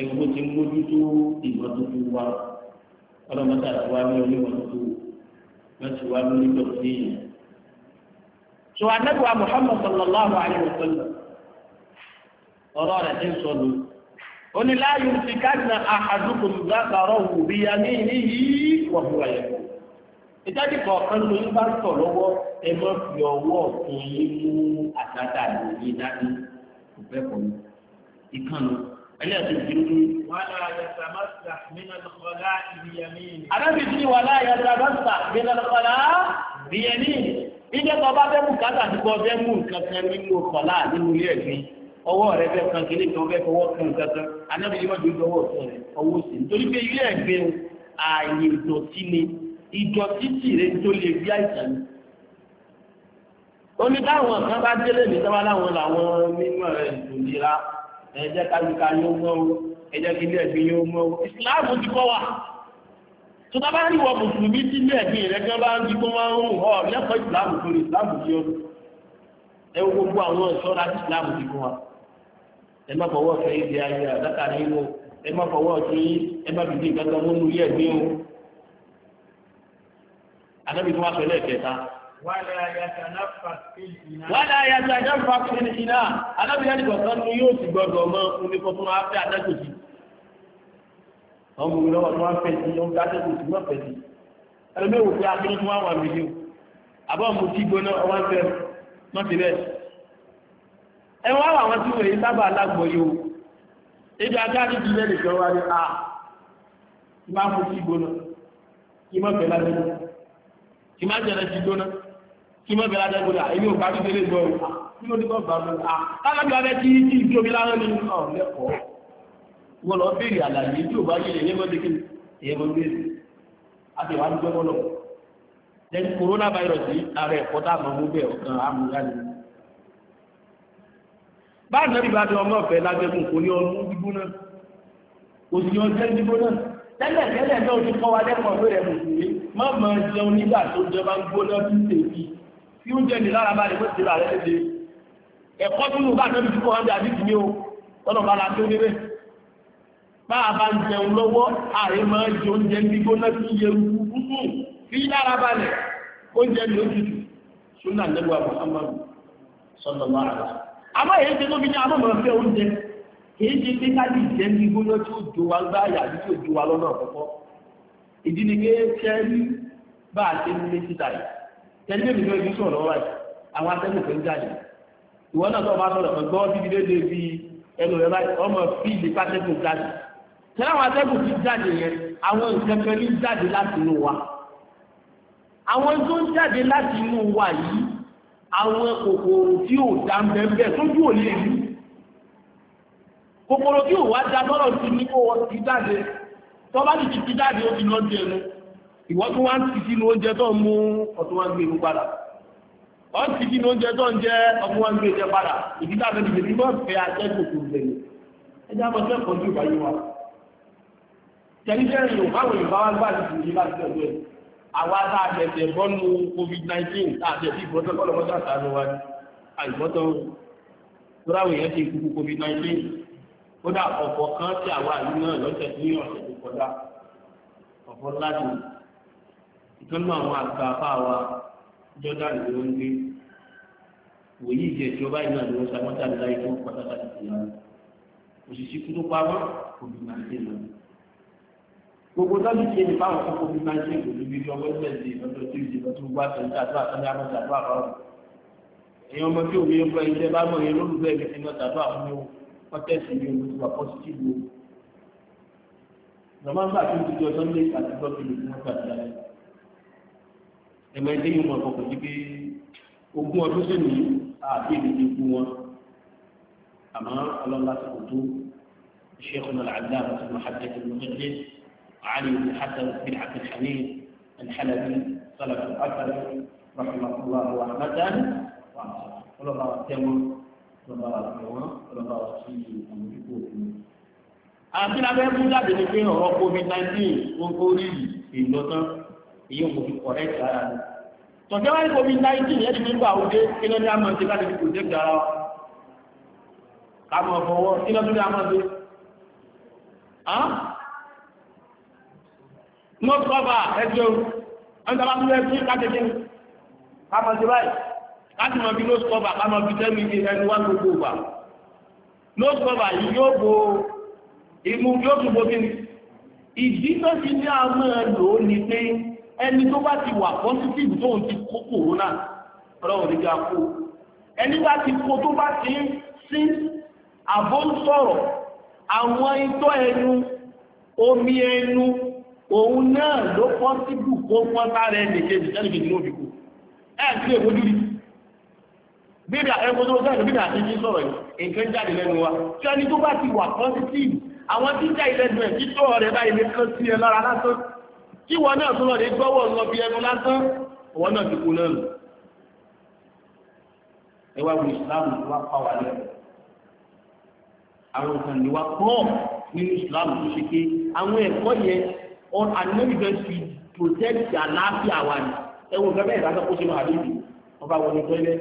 ẹgbẹ́ tí ń mójútó ìmọ́tótó wa ọlọ́mọdé àti wa ní onímọ́tótó mẹ́tì wa ní onídọ̀tí yẹn. sọ anábìwá Muhammad sallallahu alayhi wa sallam ọ̀rọ̀ rẹ̀ ti ń sọ lò ó ti káàdìnà ahadukum zákàrọ̀ wù ya ní ìníyí wọ̀ fún wa yẹn. ìjáde kọ̀ọ̀kan ló ń bá sọ̀ lọ́wọ́ ẹ má fi ọwọ́ ọ̀tún yín mú àtàtà yìí dání kò fẹ́ kọ́ mi. ìkànnì ẹlẹ́yàtọ̀ ìdílé ní. wàhálà yàtà mọ́sà nínú ọ̀la ìbíyàmí. arábì tí wàhálà yàtà mọ́sà nínú ọ̀la ìbíyàmí. ilé kan bá fẹ́ mú kátà tí kò fẹ́ mú nǹkan kan nínú ọ̀la nínú ilé ẹ̀gbin ọwọ́ rẹ fẹ́ kan kí ní kan fẹ́ fọwọ́ kan kankan anábì yìí wọ́n ju ọwọ́ ọ̀tún rẹ ọwọ́ sí nítorí pé ilé ẹ̀gbin ààyè ìdọ̀tí ni ìdọ̀tí tì rẹ tó lè bí àìsàn omi táwọn kan bá délé mi sábà láwọn làwọn mímọ rẹ ìdòdìra ẹjẹ kájúká yóò mọ o ẹjẹ kílé ẹbí yóò mọ o ìsìláàmù ti kọ́ wa tó bá bá rí wọ mùsùlùmí tí ilé ẹbí rẹ kan bá ń di kó wọn ń họ lẹ́kọ̀ọ́ ìsìláàmù tó lè ìsìláàmù tí ó ẹ wo gbogbo àwọn ìṣọ́ra tí ìsìláàmù ti kọ́ wa ẹ má fọwọ́ fẹ́ ibi ayé àdáka ní wo ẹ má fọwọ́ sí ẹ má bìbí ìgbàgbọ́ mọ́nú yẹ̀ Wàlá yàtànáfà fún ìná. Alábìyàn ìgbọ̀nsán ni yóò ti gbọdọ̀ mọ́ omi kan tó máa fẹ́ adájọ́ sí. Ọmọ òun lọ́wọ́ tó máa fẹ́ sí, ó ń gbá tẹ́kùn sí máa fẹ́ sí. Ẹlẹ́mẹ́ wò pé abínú tó máa wà mí yóò. Àbọ̀ mo ti gbóná ọwọ́ ń fẹ́ mọ́ sí bẹ́ẹ̀. Ẹ wá wà wọn tí wọ́n yìí sábà lágbọ̀ yìí o. Ebi ajá ní ti lẹ́lẹ̀ kan wá ní a. Ìmọ̀ kí mọ́ bẹ̀rẹ̀ adágbòdà èmi ò parí délé lọ kí ló dé kọ́ bá mi à ah, tálábí abẹ́ tí tí ìdí omi láwọn ní ọ̀ lẹ́kọ̀ọ́ wọ́n lọ béèrè àlàyé tí ò bá yẹ ẹ̀yẹ́ mọ́ dékè ẹ̀yẹ́ mọ́ béèrè corona virus yìí ara ẹ̀kọ́ tá a mọ̀ mú bẹ́ẹ̀ ọ̀kan àmúyá ni. báà náà bíbá ti ọmọ ọ̀fẹ́ lágbẹ́gùn kò ní ọmú gbígbóná òsì ọjọ́ gbígbóná tẹ́lẹ̀ tẹ́lẹ̀ náà ti kọ́ wa lẹ́kọ̀ọ́ lórí ẹ̀ mọ̀ sí mọ́ mọ́ jẹun nígbà tó jẹ bá ń gbóná tí ó jẹ́ nílára bá lè mọ́ ìṣẹ́ra rẹ̀ léde ẹ̀kọ́ tí mo bá tẹ́lú tí kò wọ́n dé àdíjì ní o ọ̀nà bá la tó níbẹ̀ bá a bá ń jẹun lọ́wọ́ ààrẹ máa ń jẹ oúnjẹ gbígbóná tí yẹ rúrú sí lára balẹ̀ oúnjẹ ní ojútù súnà lẹ́gbà Muhammadu sọ́dọ̀lọ́ àrà àmọ́ èyí ṣe tó fi ní amọ́mọ́ fẹ́ oúnjẹ èyí ṣe pé ká lè jẹ gbígbóná tí ó jó wa gbá àyà àti tí ó jó wa lọ́nà àkọ́kọ́ ìdí ni pé ṣẹ́rí bá a ṣe ń lé yìí tẹ̀lé mi lórí sọ̀rọ̀ lọ́wọ́ yìí àwọn atẹ́gùn tó ń jáde ìwọ náà tó bá sọ̀rọ̀ pẹ̀ gbọ́ bíbí léde bí ẹnu rẹ̀ báyìí ọmọ fíìlì pátẹ́gùn jáde tẹ̀lé àwọn atẹ́gùn ti jáde yẹn àwọn nǹkan kan ní jáde láti inú wa àwọn tó ń jáde láti inú wa yìí àwọn kòkòrò tí ò dá mbẹ́mbẹ́ tójú ò lè rí kòkòrò tí ò wá dá tọ́lọ̀ ti ní kó wọ́n ti jáde tọ́ ìwọ́n tún wá ń ti sínú oúnjẹ tó ń mú ọtún wá ń gbé inú padà wọ́n ti sínú oúnjẹ tó ń jẹ ọmọ wá ń gbé jẹ padà ìdí tá a fẹ́ nìyẹn ní wọ́n fẹ́ akẹ́kọ̀ọ́ tó ń bẹ̀rẹ̀ ẹjẹ́ àwọn akẹ́kọ̀ọ́ tó wáyé wa tẹ̀lifẹ̀ lò báwo ìbá wa gbà ní ìdílé láti tẹ̀lé ẹ̀ àwa tá a tẹ̀tẹ̀ bọ́nu covid-19 tá a tẹ̀tẹ̀ ìbọ́tọ̀ kọ́lọ́mọ́tà sàánú wa àìbọ́tọ̀ tóráwò yẹn ti covid-19 kódà ọ̀pọ̀ kan tí àwa yìí náà lọ́sẹ̀ ní ọ̀sẹ̀ tó kọjá ọ̀pọ̀ ìtọ́nú àwọn àgbà apá wa jọ́dá ló ń gbé wòye ìjẹ ìjọba iná ni wọ́n sábà tàbí láyé tó pàtàkì sí ya òṣìṣẹ́ kú tó pamọ́ òbí máa ń tẹ̀lé gbogbo tábìlì ṣe ní báwọn fún òbí máa ń ṣe ìgbòho bíi ọmọ ẹgbẹ́ ìdè lọ́dọ̀ tó ìdè lọ́dọ̀ gbá tẹ̀lé àti àtàlẹ́ àmọ́tà àdúrà báwọn èèyàn ọmọ tí òun yẹn fọ ẹ̀jẹ̀ bá mọ̀ yẹn lólùfẹ́ mi ti náà tàdúrà fún mi wọ́n tẹ̀sí mi tó ẹ̀mẹ́ ilé yóò mọ̀ ọkọ̀ jí pé ogún ọdún sí ní àti ìdíje ikú wọn àmọ́ ọlọ́lá ti kò tó الشيخنا العلامة ابن حجة المجدد علي بن حسن بن عبد الحميد الحلبي سلف الأثر رحمه الله رحمة واسعة ọlọ́ba tẹ́wọ́n ọlọ́ba tẹ́wọ́n ọlọ́ba sí àwọn ìkó òfin. àti lábẹ́ mú jáde ní pé ọ̀rọ̀ covid-19 ó ń kórìí ìlọ́tán èyí ò fi kọ̀rẹ́ ìtara rẹ̀. tọ̀jọ́ wáyé covid nineteen yẹn ti fi ń gbà òde kí ló ní àmọ́ ṣe láti fi protect ara wa. kàmọ̀ fọwọ́ kí ló tún ní àmọ́ ṣe. mo sọ bá ẹgbẹ́ o ẹni tó bá tún lẹ́sí kájẹjẹ kàmọ̀ ṣe báyìí láti mọ̀ bí ló sọ bá kàmọ̀ bí tẹ́lú ibi ẹni wá gbogbo wa. ló sọ bá yìí yóò bo ìmú yóò tún bo kí ìdí tó ti ní àwọn ẹlòó ni pé ẹni tó bá ti wà positive tóun ti kó kòrónà ọlọ́run ní ká kó ẹni bá ti kó tó bá ti ń sí àbó ń sọ̀rọ̀ àwọn itọ́ ẹnu omi ẹnu òun náà ló pọ́sibù kó pọ́n sáré ẹnìkejì ẹnìkejì ló fi kú ẹ̀ sí èbójú rí bíbíà ẹgbẹ́ tó sẹ́yìn bíbíà ti ti sọ̀rọ̀ yìí nǹkan jáde lẹ́nu wa kí wọn náà tún lọ lè gbọ́wọ́ lọ bí ẹnu lásán wọn náà ti kú náà nù ẹwà wo islam ni wà pa wà lẹ́nu àwọn kan ni wà pọ̀ nínú islam tó ṣe pé àwọn ẹ̀kọ́ yẹn ọ̀n anẹ́bìbẹ́ fi protect àlàáfíà wa ni ẹ̀wọ̀n gẹ́gẹ́ ìdájọ́ kó sínú àdéhùn ọba wọlé tọ́lẹ̀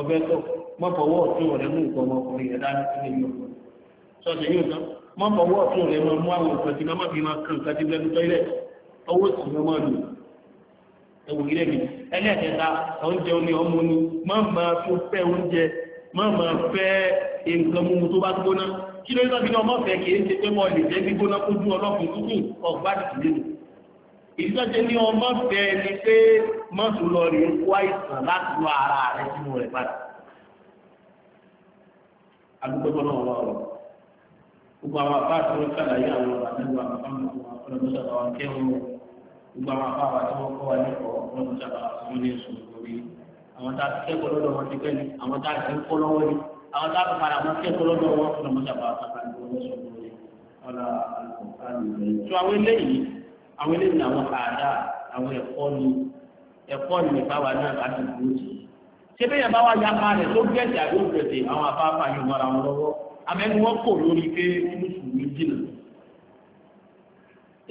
ọbẹ̀ tó mọ́ fọwọ́ ọ̀tún rẹ̀ mú nǹkan ọmọkùnrin rẹ̀ dání sílé yìí ọ̀tún sọ́ọ̀tì yìí ọ̀tún mọ́ fọwọ́ ọ̀tún rẹ̀ mọ́ mú àwọn nǹkan tí wọ́n má fi máa kàn kájí lẹ́nu tọ́lẹ̀ ọwọ́ sì ló máa lò ẹwù ilẹ̀ mi ẹlẹ́ẹ̀kẹta oúnjẹ oní ọmọ ni má máa tó fẹ́ oúnjẹ má máa fẹ́ nǹkan mímu tó bá gbóná kí ló ń sọ bínú ọmọ fẹ́ kì í ṣe pé wọ́n lè jẹ́ gbígbóná kójú ọlọ́kùnrin tuntun ọgbà ìdílé ìtọ́jẹ́ ní ọmọ fẹ́ ni pé mọ́tò lọ rí kó àìsàn láti lọ ara rẹ̀ sínú rẹ̀ padà agbègbè náà wà ọ̀rọ̀ gbogbo àwọn àbá àti wọn ṣàlàyé àwọn àdéhùn àwọn ọmọ ọmọ ọmọ ọmọ ọmọ ọmọ gbogbo àwọn afá wa tí wọ́n kọ́ wa lẹ́kọ̀ọ́ wọn ti sábà fún ilé sùn lórí àwọn tá a ti kẹ́kọ̀ọ́ lọ́dọ̀ wọn ti pẹ́ ni àwọn tá a ti ń kọ́ lọ́wọ́ ni àwọn tá a padà wọn kẹ́kọ̀ọ́ lọ́dọ̀ wọn fún ọmọ sábà sábà ní wọn sùn lórí ọ̀la tó àwọn eléyìí àwọn eléyìí làwọn àdá àwọn ẹ̀kọ́ ni ẹ̀kọ́ ni ìbáwa náà bá ti dúró sí sebe yẹn bá wá ya pa rẹ tó gbẹ̀sẹ̀ àdó gbẹ̀sẹ̀ àwọn afáfá yìí wọn ra wọn lọ́wọ́ amẹnu wọn kò lórí pé mùsùlùmí jìnnà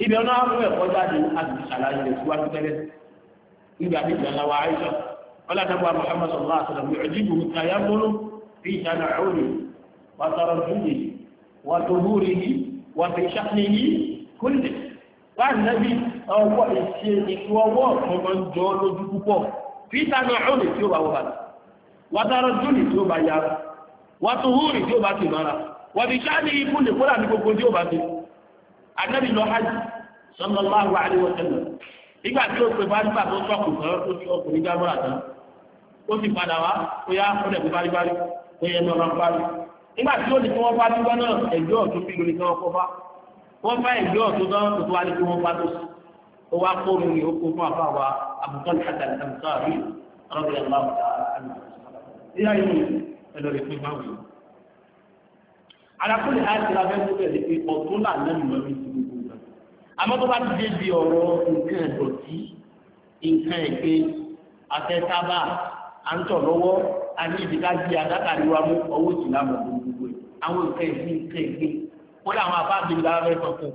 ibi ọ̀nà àwọn ẹ̀kọ́ jáde àti ṣàlàyé rẹ̀ síwájú tẹ́lẹ̀ nígbà tí ìgbà ńláwà àìsàn ọlọ́dàbọ̀ Muhammad sallallahu alaihi wasallam yu'jibu tayammulu fi tana'uli wa tarajjuli wa tuhurihi wa fi sha'nihi kulli wà nẹ́bí ọwọ́ ìṣe ìṣú ọwọ́ ọ̀pọ̀ ń jọ lójú púpọ̀ fi tana'uli tí ó bá wọ́pàá wa tarajjuli tí ó bá yára wa tuhuri tí ó bá ti mara wa fi sha'nihi kulli kó anábì lọ hajj sallallahu alaihi wa sallam nígbà tí ó pè bá nígbà tó sọ̀kù kan ó ti ọkùnrin jábọ̀ àtà ó sì padà wá ó yá ó dẹ̀ kú báribárí ó yẹ ní ọmọ nígbà tí ó ní kí wọ́n bá nígbà náà ẹ̀jọ́ ọ̀tún bí lórí kan ọkọ̀ bá bá ẹ̀jọ́ ọ̀tún náà tó tó wá ní kí wọ́n bá tó sí ó wá kó orin yòókù fún àbáwá àbùkọ́lù àtàlẹ́ àbùkọ́ àrí ọlọ́dún ẹ̀ arákùnrin láti ra fẹ́ lókè ní pé ọ̀tún là náà nìyẹn fi ti gbogbo náà àmọ́ tó bá ti dé bi ọ̀rọ̀ nǹkan ẹ̀dọ̀tí nǹkan ẹ̀gbẹ́ afẹ́tábà à ń tọ̀ lọ́wọ́ a ní ìdíkà bí adákàlí wa mú ọwọ́ sí láwọn gbogbo ẹ̀ àwọn nǹkan ẹ̀gbẹ́ nǹkan ẹ̀gbẹ́ kódà àwọn afá mi lára fẹ́ sọ fún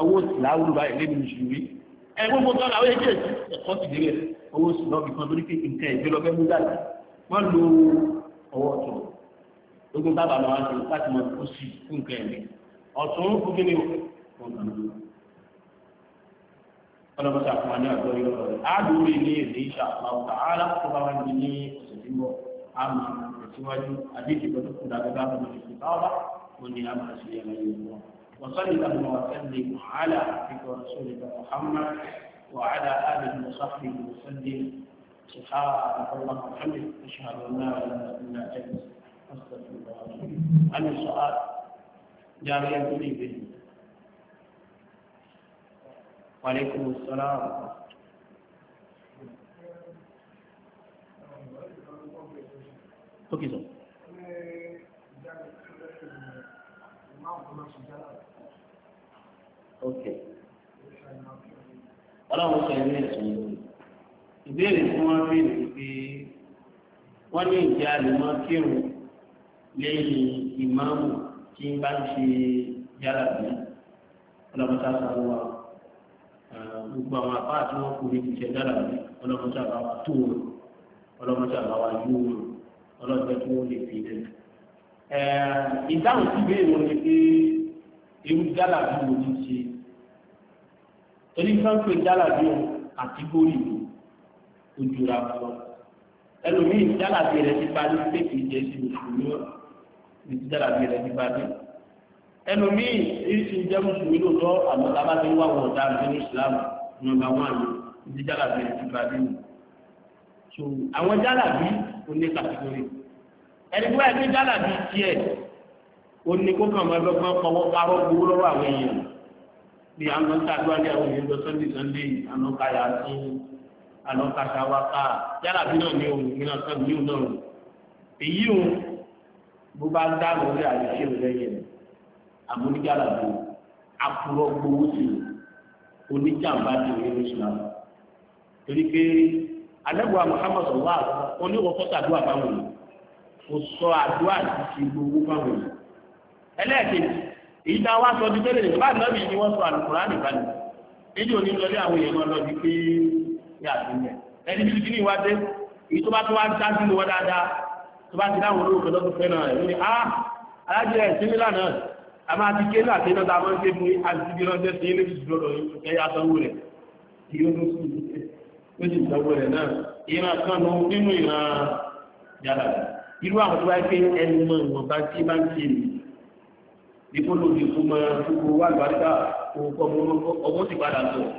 ọwọ́ sí láwùrọ̀ báyìí lẹ́nu ìṣúwé ẹ̀ gbogbo tọ́lá ó yẹ kí ẹ̀kọ́ sì dé bẹ́ẹ̀ ọwọ́ sí lọ́ọ̀bì kan torí pé nǹkan ẹ̀gbẹ́ lọ gbogbo bàbá máa ń sọ láti máa kó sí kú nǹkan ẹ̀mí ọ̀tún kú kí ni o kò nà ló ọlọ́mọ sàkóso àní àgbọ̀ yìí lọ́wọ́ rẹ̀ àdúrà ní èdè ìṣà àwọn tààrà tó bá wà ní ọ̀sẹ̀ tí ń bọ̀ á máa tẹ̀síwájú àdéhìí pẹ̀lú kúndà gbẹ́gbẹ́ àbúrò ìṣèkáwá ó ní a máa ṣe ẹ̀rọ yìí وصلي اللهم وسلم على عبدك ورسولك محمد وعلى اله وصحبه وسلم سبحانك اللهم وبحمدك اشهد ان لا اله الا انت عن السؤال جاريا تريد وعليكم السلام اوكي سو اوكي ọlọ́run sọ ilé ẹ̀sùn lórí ìbéèrè tí wọ́n béèrè pé wọ́n ní ìjà lè mọ́ kírun lẹ́yìn ìmáàmù tí ń bá ń ṣe yára bí ọlọ́mọta sáré wa gbogbo àwọn apá àti wọn kò ní ti ṣe yára bí ọlọ́mọta bá wa tó wọn ọlọ́mọta bá wa yó wọn ọlọ́jọ́ tí wọ́n lè fi lẹ́nu. ìdáhùn ẹlòmíì jálàbí rẹ̀ ti parí pé kì í jẹ́ sí mùsùlùmí ní ti jálàbí rẹ̀ ti parí. ẹlòmíì ìrísí ń jẹ́ mùsùlùmí lóòótọ́ àmọ́ tábà ti ń wá wọ̀ ọ̀dà nínú ìsìlámù nọ́mbà wán ní ti jálàbí rẹ̀ ti parí nù. so àwọn jálàbí ó ní kàtìkórì ẹni wọ́n ẹni jálàbí tiẹ̀ ó ní kó kàn máa lọ́gbọ́n pọ̀wọ́ parọ́ gbowó lọ́wọ́ àwọn èèyàn bí àwọn sáà àlọ́ kàkà wá ká yálà bí náà ní òun ní náà sọ́dún yóò náà èyí o bó bá ń dáhùn orí gbowó sí oníjàmbá ti islam torí pé alẹ́gbọ̀n Muhammad kò sọ àdúrà ti gbowó báwọn ẹlẹ́ẹ̀kejì èyí tá a wá sọ ọdún tẹ́lẹ̀ nígbà náà bí ni wọ́n sọ lọ ní àgbẹ̀yẹ ẹni bí kíní wá dé èyí tó bá tó wá ń dájú lówó dáadáa tó bá ti dáhùn olóògbé lọ́dún fẹ́ náà ẹ̀mí a ah, alájẹ ẹ̀sìn nílà náà a máa ti ké láti iná táwọn ṣe fún àdìsíbi ránṣẹ́ sí ilé ìṣúná lọ ẹ̀yà sanwó rẹ̀ kí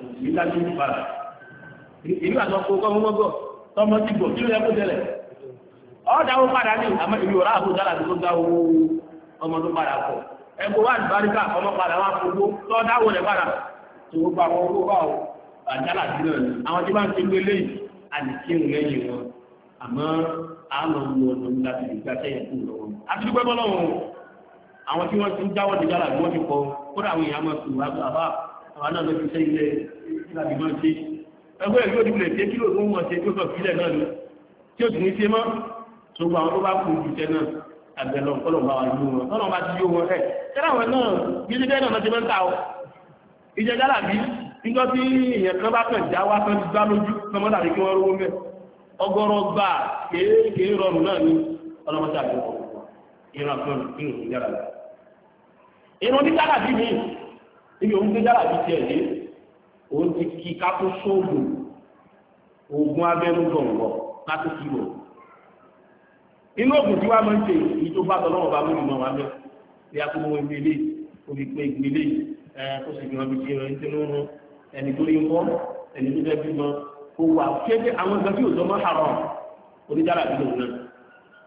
ó ló ìlú àtọkọ kọ́ fún mọ́gọ́ tọmọ ti bọ̀ kí ló yẹ kó tẹ̀lẹ̀ ọ̀dà ó padà ní àmọ́ ìlú ọ̀rá àbò dára tó ga owó ọmọ tó padà kọ̀ ẹ̀kọ́ wà níbáríkà ọmọ padà wà fowó lọ́dà wọlé padà tó o àwọn owó ni àwọn tí bá ń ti gbé lẹ́yìn àdìkírun lẹ́yìn wọn àmọ́ àmọ́ ń lọ ọdún láti lè gbà sẹ́yìn kù lọ́wọ́ àti dúpẹ́ bọ́ lọ́wọ́ àwọn tí wọ́n ti ń jáwọ́ nígbàlá ni wọ́n ti kọ́ kódà àwọn èèyàn máa sùn àbá àwọn náà lọ fi sẹ́yìn lẹ́ ẹgbẹ́ ìlú òdìbò lè ṣe kí lóòótọ́ wọn ṣe kí ó sọ sílẹ̀ náà ni tí ó sì ní ṣe mọ́ ṣùgbọ́n àwọn tó bá kú ìjùṣẹ́ náà àgbẹ̀lọ̀ kọ́lọ̀ bá wa yó wọn kọ́lọ̀ bá ti yó wọn ẹ̀ kẹ́rẹ́ àwọn náà gbẹ́dẹ́gbẹ́ náà ti máa ń ta ọ ìjẹ jálà bí nígbà tí èèyàn kan bá kàn já wá kan ti gbá lójú kan mọ́tàrí kí wọ́n rówó mẹ́ ọgọ́rọ̀ gbà kéèké rọrùn náà ni ọlọ́mọdé àgbẹ̀kọ̀ ìran kan nínú ìjálà bí. ìran ní jálà bí mi ibi òun gbé jálà bí tiẹ̀ yìí ó ti kí ká tó sóògùn oògùn abẹ́rú gbọ̀ngàn ká tó kí wọ̀. inú oògùn tí wàá máa ń ṣe èyí tó bá tọ́lọ́wọ́ bá mú ìmọ̀ wa mẹ́ bí a kó mọ ìwé ilé omi pé ìwé ilé ẹ kó sì gbìyànjú bí ṣe ẹni tó ń rún ẹni tó rí ń bọ́ ẹni tó fẹ́ bímọ kó wà kéde àwọn ìgbà tí òjò máa hàrọ̀ onídàrà bí lòun náà.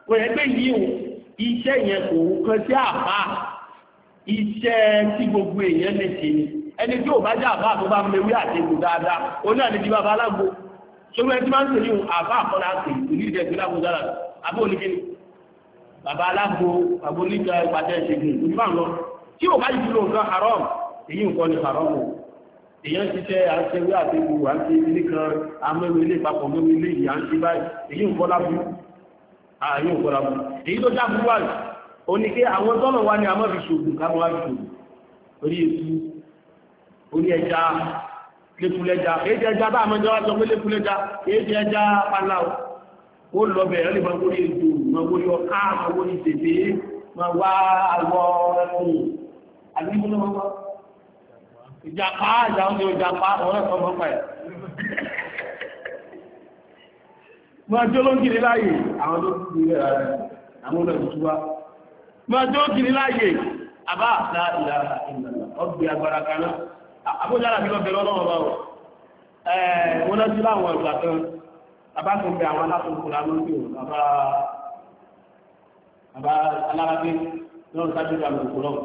wọ́n yẹ pé yìí o iṣẹ́ yẹn kò kàn àbá iṣẹ́ tí gbogbo èèyàn lè ṣe ni ẹni tí ò bá jẹ́ àbá àbúbá mewé àtẹ́gùn dáadáa oní àdéjì bàbá alágbó ṣùgbọ́n ẹni tí máa ń sèyí àbá àkọ́lá àti ìlú ìdẹ́gbẹ́ lágbódára àbó ni bàbá alágbó àbó oníjà ìpàdé ìṣègùn ìgbà lọ tí ò bá yìí lò nǹkan haram èyí nǹkan ni haram o èyàn ṣiṣẹ́ àṣẹwé àtẹ́gùn àti ilé kan amẹ́wé ilé papọ̀ mẹ́wé ilé ìyá ń ṣe báyìí èyí nǹkan lábú ààyè nǹkan lábú èyí tó já burú àyè oníkẹ́ àwọn tọ́lọ̀ orí ẹja lékúlẹ́já èdè ẹja bá àmọ́jọ́ wá sọ pé lékúlẹ́já èdè ẹja paláwò ó lọ bẹ̀rẹ̀ lè máa wọlé ètò máa wọlé ọká máa wọlé tètè máa wá àwọ ẹkùn àdúgbò ìjàpá ìjàpá kiri láàyè àwọn tó kú ilé kiri láàyè àbá àṣà ìlànà ọgbẹ́ agbára kan àbójára bí lọ́bẹ̀ lọ́wọ́ bá wọ̀ wọ́n lọ́sí láwọn ìgbà kan abákan bẹ àwọn alákòókò lálórí òun bàbá bàbá alárábí lọ́rùn sáájú ìgbà lòkò lọ́wọ́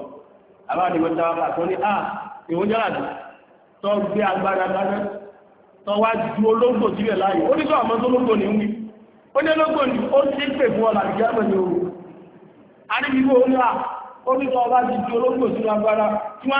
bàbá àdìgbò tí wọ́n pàtó ní à ah, ìwọ́n jára dì tọ́ gbé agbára gbáná tọ́ wá ju olóńgbò síbẹ̀ láàyè ó ní sọ àmọ́ tó lóńgbò ní wí ó ní olóńgbò ní ó ti pè fún ọ làbíjá pẹ̀lú òru àdìgbò ó ní à ó ní sọ ọba ti ju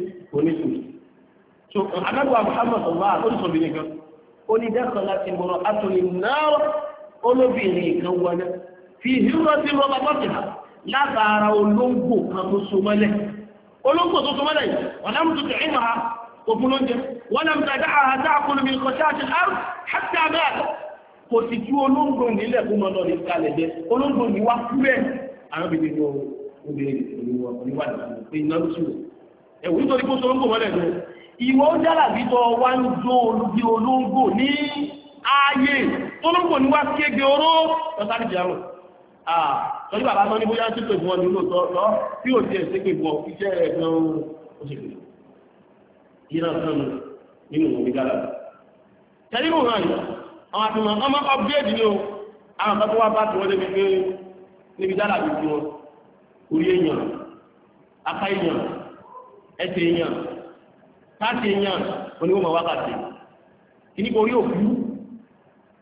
oníṣòwò so anábọ̀ Muhammad ọ̀wá oníṣòbìnrin kan ó ní dẹ́kọ̀ láti mọ̀rọ̀ atòlè náà olóbìnrin kan wọlé fi hírọ́ sí rọ́bà bọ́tìlá látara olóńgbò kan tó so mọ́lẹ̀ olóńgbò tó so mọ́lẹ̀ yìí wọ́n lámù tó tẹ̀yìn máa òkun lóúnjẹ wọ́n lámù tó dáa ha dáa kó kọjá àti àrùn hàtí abẹ́rẹ́ kò sì ju olóńgbò nílẹ̀ fún mọ́ ní kalẹ̀ jẹ olóńgbò ní wá kú bẹ́ẹ̀ àwọn obìnrin ní wọn obìnrin ní wọn ní wà ní wọn pé iná ló sì wọ̀ ẹ̀wù nítorí kó sọ́rọ́gbò mọ́lẹ̀ lọ ìwọ ó dára bí tọ́ wá ń jó olùdí olóńgbò ní ààyè tólóńgbò ní wá kége oró lọ́sàrí ìjàmù àtọ́jú bàbá mọ́ ní bóyá tí pè fún ọ nílò tọ́ tí ò tiẹ̀ sí pè fún ọ iṣẹ́ ẹ̀gbọ́n òṣèlú yíra àwọn ni o àwọn kan tó orí èèyàn apá èèyàn ẹsẹ̀ èèyàn káàsì èèyàn oníwọ̀n máa wákàtí kí ní kò rí òkú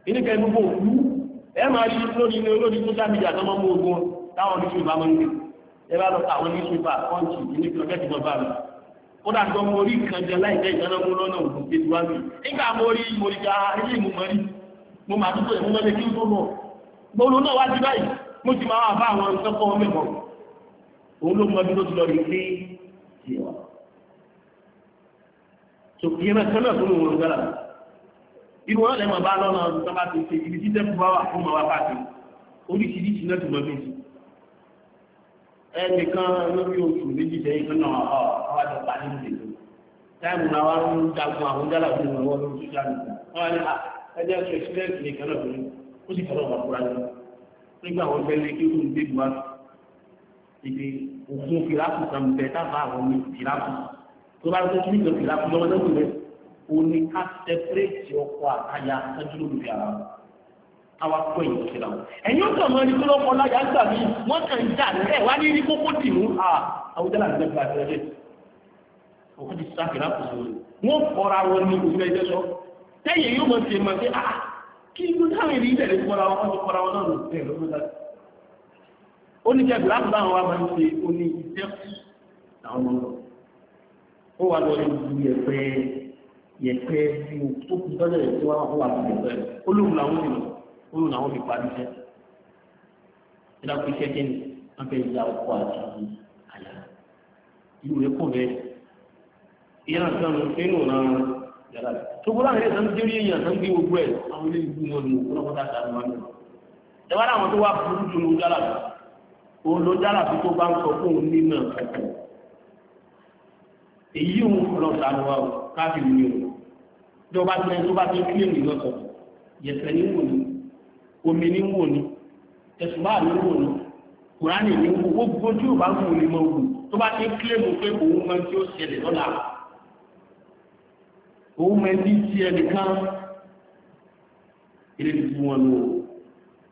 ìníkẹ́ gbogbo òkú ẹ máa rí lórí ilé olórí social media tó máa mú ogun táwọn oníṣẹ́ ìbámu ń gbé ẹ bá lọ àwọn oníṣẹ́ ìbá kọ́ńtì ìníkẹ́ ọjọ́ ìbọn bá mi ó dà gbọ́ mo rí nǹkan jẹ láìpẹ́ ìdáná mú lọ́nà òkú tètè wá mi nígbà mo rí mo rí ga ilé ìmú mọ́rí mo máa dúpọ̀ ẹ̀mú mọ́lẹ̀ kí n tó lọ gbọ́n lọ náà wá sí báyìí mo sì máa wà bá àwọn ìtọ́kọ́ mẹ́kọ̀ọ́ òun ló mọ bí tó ti lọ rí pé sòkìyẹ náà kánà tó lòun lọ́gbàlà irú wọn lẹ́mọ̀ bá lọ́nà ọdún tó bá ti ṣe ibi títẹ́ fún wa fún wa káàkiri oríṣiríṣi náà tó mọ bí ti ẹnìkan lórí oṣù méjì sẹ́yìn kan náà àwọn àjọ pàdé ìdè táìmù náà wà ń jagun àwọn jálà fún ìwọ lórí sójà nìkan wọn wá a ẹjẹ sọ ìṣúlẹ̀sì nìkan náà fún mi ó sì fọwọ́ ọ̀kúra jù nígbà wọn fẹ́ lé kíkún gbégbá ìdè òfin fìlàkù kan bẹ táfà àwọn fìlàkù tó bá tó kí nígbà ìlà fún ọmọdé òkú rẹ o ní ká sẹpẹrẹtì ọkọ àtàyà sẹjú lórí ara àwa kọ èyí sí ra wọn. ẹ̀yin ó sọ̀rọ̀ ẹni tó lọ́kọ láyà gbà mí wọ́n kàn já lẹ́ wá ní ní kókó tì mú à àwùjọ là ń gbẹ gba ẹ̀rẹ́ òkú ti sá kìlá kò sóore wọ́n fọ́ra wọn ní òwúrọ̀ ẹ̀jẹ̀ sọ tẹ́yìn yóò mọ̀ sí ẹ̀ mọ̀ sí à kí ló dáhùn ìrìn ìbẹ̀rẹ̀ fọ́ra wọn wọ́n fọ́ra wọn náà lò bẹ́ẹ̀ lọ́dún láti oníjẹ bìláàbù báwọn wa máa ń ṣe oní iṣẹ́ àwọn ọmọ ó wà lọ ìlú yẹpẹ yẹpẹ tí o tó kú tọ́lẹ̀ rẹ̀ tí wọ́n wà lọ yẹpẹ rẹ̀ ó lóun làwọn ìlú ó lóun làwọn fi parí iṣẹ́ ìlà kó iṣẹ́ kí ni wọ́n fẹ́ ya ọkọ àti àyà ìlú rẹ̀ kò bẹ́ẹ̀ ìyá àti ọ̀nà nínú ọ̀nà yàrá rẹ̀ tó gbọ́dọ̀ àwọn ẹ̀sán dérí èèyàn tó gbé gbogbo ẹ̀ àwọn ilé ìlú wọn ni òkú náà ìwádìí àwọn tó wà burú jù lọ tó bá èyí òun lọ sàánú wa káàfin ní o tó bá tẹ́ tó bá tẹ́ kí èmi lọ sọ yẹ̀sẹ̀ ní wò ní omi ní wò ní ẹ̀sùn bá ní wò ní kùránì ní wò gbogbo tí ò bá wù ní mọ wù tó bá tẹ́ kí èmi pé òun mọ tí ó ṣẹlẹ̀ lọ́la òun mọ ẹni tí ẹnìkan ilé ti fún wọn lò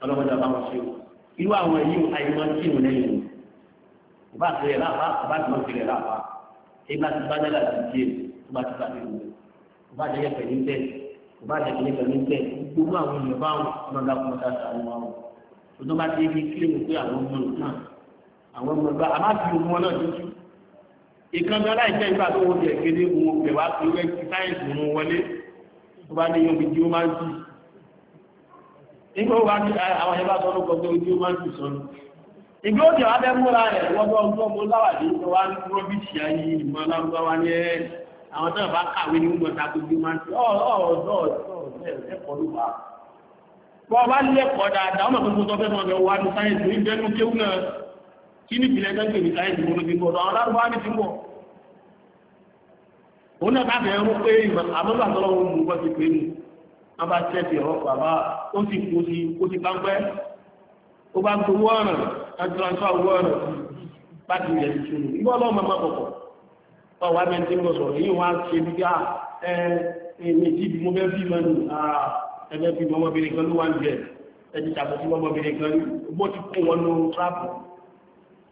ọlọ́mọdé àbáwọn ṣe o irú àwọn èyí àyè máa ń kí ìrìn lẹ́yìn o bá tẹ̀lé láàbá bá ìgbà tí bàjẹ́ là ti di èyí tó bá ti bá mi wò kò bá jẹ́ pẹ̀lú bẹ́ẹ̀ kò bá jẹ́ pẹ̀lú pẹ̀lú bẹ́ẹ̀ gbogbo àwọn èèyàn bá wọn ọlọ́dà kọ́ ọ́dà sàánú wa wọn. tó bá ti di kílèmù pé àwọn ọmọ náà àwọn ọmọ gbà àmà fi ohun wọn náà dúdú. ìkan bí aláìjẹ́ ìgbà tó wọ́n jẹ́ kéde ohun ọ̀gbẹ̀ wá pé wẹ́ ti sáyẹ̀nsì òun wọlé tó bá ní yọ̀bí tí ó máa ń jù. nígbà wo wá ní àwọn ẹ̀ ìgbé òjò abẹ́ múra rẹ̀ wọ́gbọ́ ọgbọ́ mo láwàdí tó wá ní rọ́bìṣì ayé ìmọ̀ lágbàwá ní ẹ́ àwọn tó bá kàwé ní gbọ́ta gbogbo máa ń tí ọ̀ọ̀dọ̀ ẹ̀kọ́ ló wà. bọ́ bá lẹ́kọ̀ọ́ dáadáa ọmọ tó tó fẹ́ mọ̀ wá ní sáyẹ̀nsì ní ìbẹ́nu kéwù náà kí ní ìpìlẹ̀ tó ń pè ní sáyẹ̀nsì mo ti bọ̀ àwọn lárúbá ní ti bọ̀. òun náà káfẹ́ ẹ̀rọ pé àmọ́lú àtọ́lọ́wọ́ mú bọ́ ti pè é nù wọ́n bá tẹ̀sí ọ̀rọ̀ bàbá ó sì kó sí bá ń pẹ́ ó bá gbowó ọ̀ràn àti transfer owó ọ̀ràn báàgì rẹ̀ ti ṣòro ìwọ ọlọ́run máa máa kọ̀kọ̀ ọ̀ wá mẹ́tí ń bọ̀ sọ̀rọ̀ yìí wọ́n á ṣe bí ká ẹ ẹ̀mí tí mo fẹ́ bí mọ́ nù ẹgbẹ́ bí ọmọbìnrin kan ló wà níbẹ̀ ẹ̀jẹ̀ tàbí ọmọbìnrin kan bó ti kó wọn ló tráàpù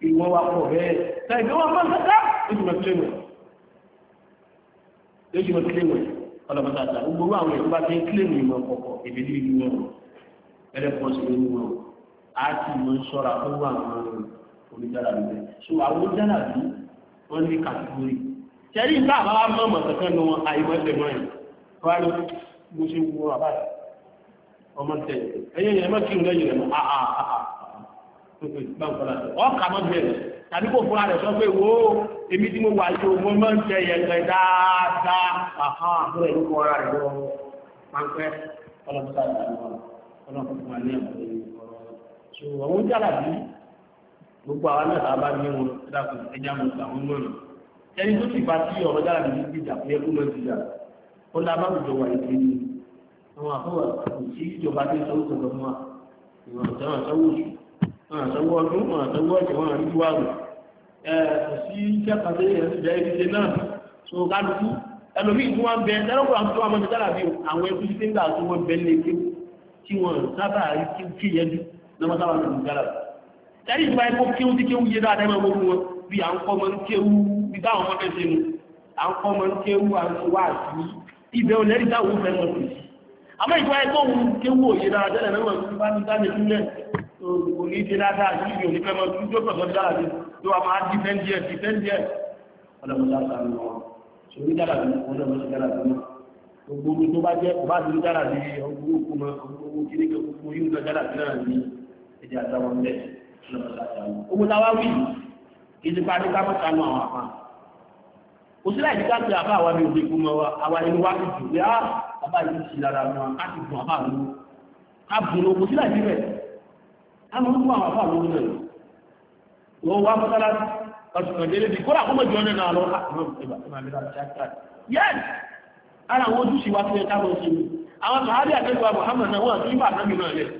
ìwọ́n wa pọ̀ bẹ́ẹ̀ tàbí wọ́n fọ́n sẹ́ká lójúmọ̀ sílé wẹ̀ lójúmọ̀ sílé wẹ̀ ọlọ́mọdé àtàwọn gbogbo àwọn èèyàn bá ti ń ìmọ̀ ọ̀pọ̀ ìbílẹ̀ ìlú wọn ẹ̀rẹ́ pọ̀ wọn a sì mọ ṣọ́ra tó wà àwọn oníjàlá bíbẹ̀ so àwọn oníjàlá bí wọ́n ní kàtìgórì tẹ́rí nígbà bá wá mọ̀ kankan nu àìmọ́tẹ̀ mọ́ yìí wọ́n á mo ṣe wo àbáyé ọmọ tẹ̀ ẹ̀yẹ yẹn mọ́ kí n lẹ́yìn rẹ̀ mọ́ àà àà ọkà mọ́ bẹ̀rẹ̀ tàbí kò fúnra rẹ̀ sọ pé wo èmi tí o mo máa ń tẹ yẹ̀pẹ̀ dáadáa àhán àbúrò ìlú kọ́ ara rẹ̀ lọ́wọ́ máa ń pẹ́ ọlọ́pàá ìlú so àwọn jàlàbí gbogbo àwọn náà bá ní wọn dákun ẹja mọ àwọn mọ̀nà ẹni tó sì bá sí ọ̀rọ̀ jàlàbí ní gbìjà fún ẹkú mọ́ ìjà ó lá bá gbùjọ wà ìpín ní àwọn àbúrò kò sí ìjọba tó sọ òkú lọ mọ́ ìwọ̀n àtàwọn àtàwọn oṣù wọn àtàwọn ọdún wọn àtàwọn ọjọ́ wọn àrí wà rò ẹ kò sí jàpàdé ẹ̀sùn jẹ́ ìdíje náà so kálukú ẹlòmíì tí wọ́n bẹ lẹ́rọ̀kọ̀ àwọn tó wà mọ́ jàlàbí àwọn ẹkú tí ń gbà tó wọ́n bẹ lé tí wọ́n sábà rí kí yẹn dùn ní wọ́n sábà tẹ̀lé gbára tẹ́lí ìgbà ẹ̀kọ́ kéwú tí kéwú yé dáadáa máa gbogbo wọn bí à ń kọ́ mọ́ ń kéwú bí táwọn ọmọ fẹ́ ṣe mu à ń kọ́ mọ́ ń kéwú à ń wá sí ibẹ̀ olẹ́rìí táwọn ò fẹ́ mọ̀ sí àmọ́ ìgbà ẹ̀kọ́ òun kéwú òye dáadáa tẹ́lẹ̀ náà wọ́n bá ní dáadáa sílẹ̀ òní ṣe dáadáa yìí òní fẹ́ mọ́ tó pẹ̀lú dáadáa tó wà máa dìfẹ́ndì ẹ̀ dìfẹ́ndì ẹ̀ ọlọ́mọdé àtàrí wọn ṣòrí dára bí wọn lọ́mọ sí dára bí gbogbo tó bá jẹ́ kò bá ti dára bí ọgbogbo kò ọgbogbo kí ní kẹ gbogbo yóò dára bí náà ní ẹ̀jẹ̀ àtàwọn ọmọdé lọ́pọ̀lọpọ̀ ogun táwa wí ìdí parí ká mọ́ta nù àwọn àpá òsílẹ̀ ìdí ká pé àbá àwa ní òde kú mọ́ wa àwa ni wá ti dùn pé ah, á ti lára wọn á ti dùn àbá àwọn si bùn lọ òsílẹ̀ ìdí rẹ̀ o mọ́ fún àwọn àbá àwọn ọmọdé wọ́n wá mọ́tálá ọ̀sùn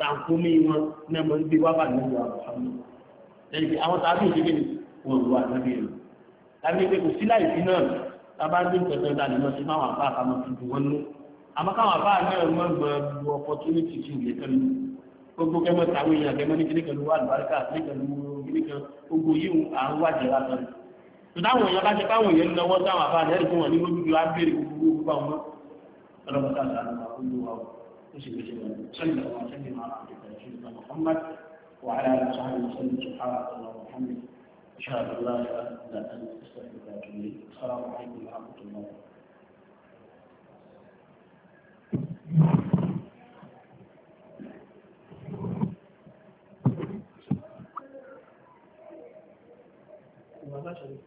ràǹkómi wọn náà mọ̀ níbi wábà nínú àbúhámù lẹ́yìn pé àwọn tàbí ìdílé wọn lù àdúgbò rẹ̀ tàbí pé kò sí láì sí náà tábà ní ìtọ́jú ọ̀dà lè mọ̀ sí máwọn àbá àkàmọ́ fi dùn wọn nú àmọ́ káwọn àbá náà mọ̀ gbọ́ gbogbo opportunity ti ìlẹ̀ kan nù gbogbo kẹmọ tàwọn èèyàn kẹmọ ní kíníkan ló wà lùbáríkà kíníkan ló kíníkan gbogbo yìí à ń wájẹ lásán tòtáwọn èèyàn bá ti fáwọn èèyàn lọ́wọ́ táwọn àbá àdẹ́rì fún wọn ní lójú ju á bèrè gbogbo gbogbo àwọn ọlọ́mọ الله وسلم على عبدك ورسولك محمد وعلى اله وصحبه وسلم سبحانه اللهم وبحمدك اشهد ان لا اله الا انت استغفرك واتوب اليك السلام عليكم ورحمه الله وبركاته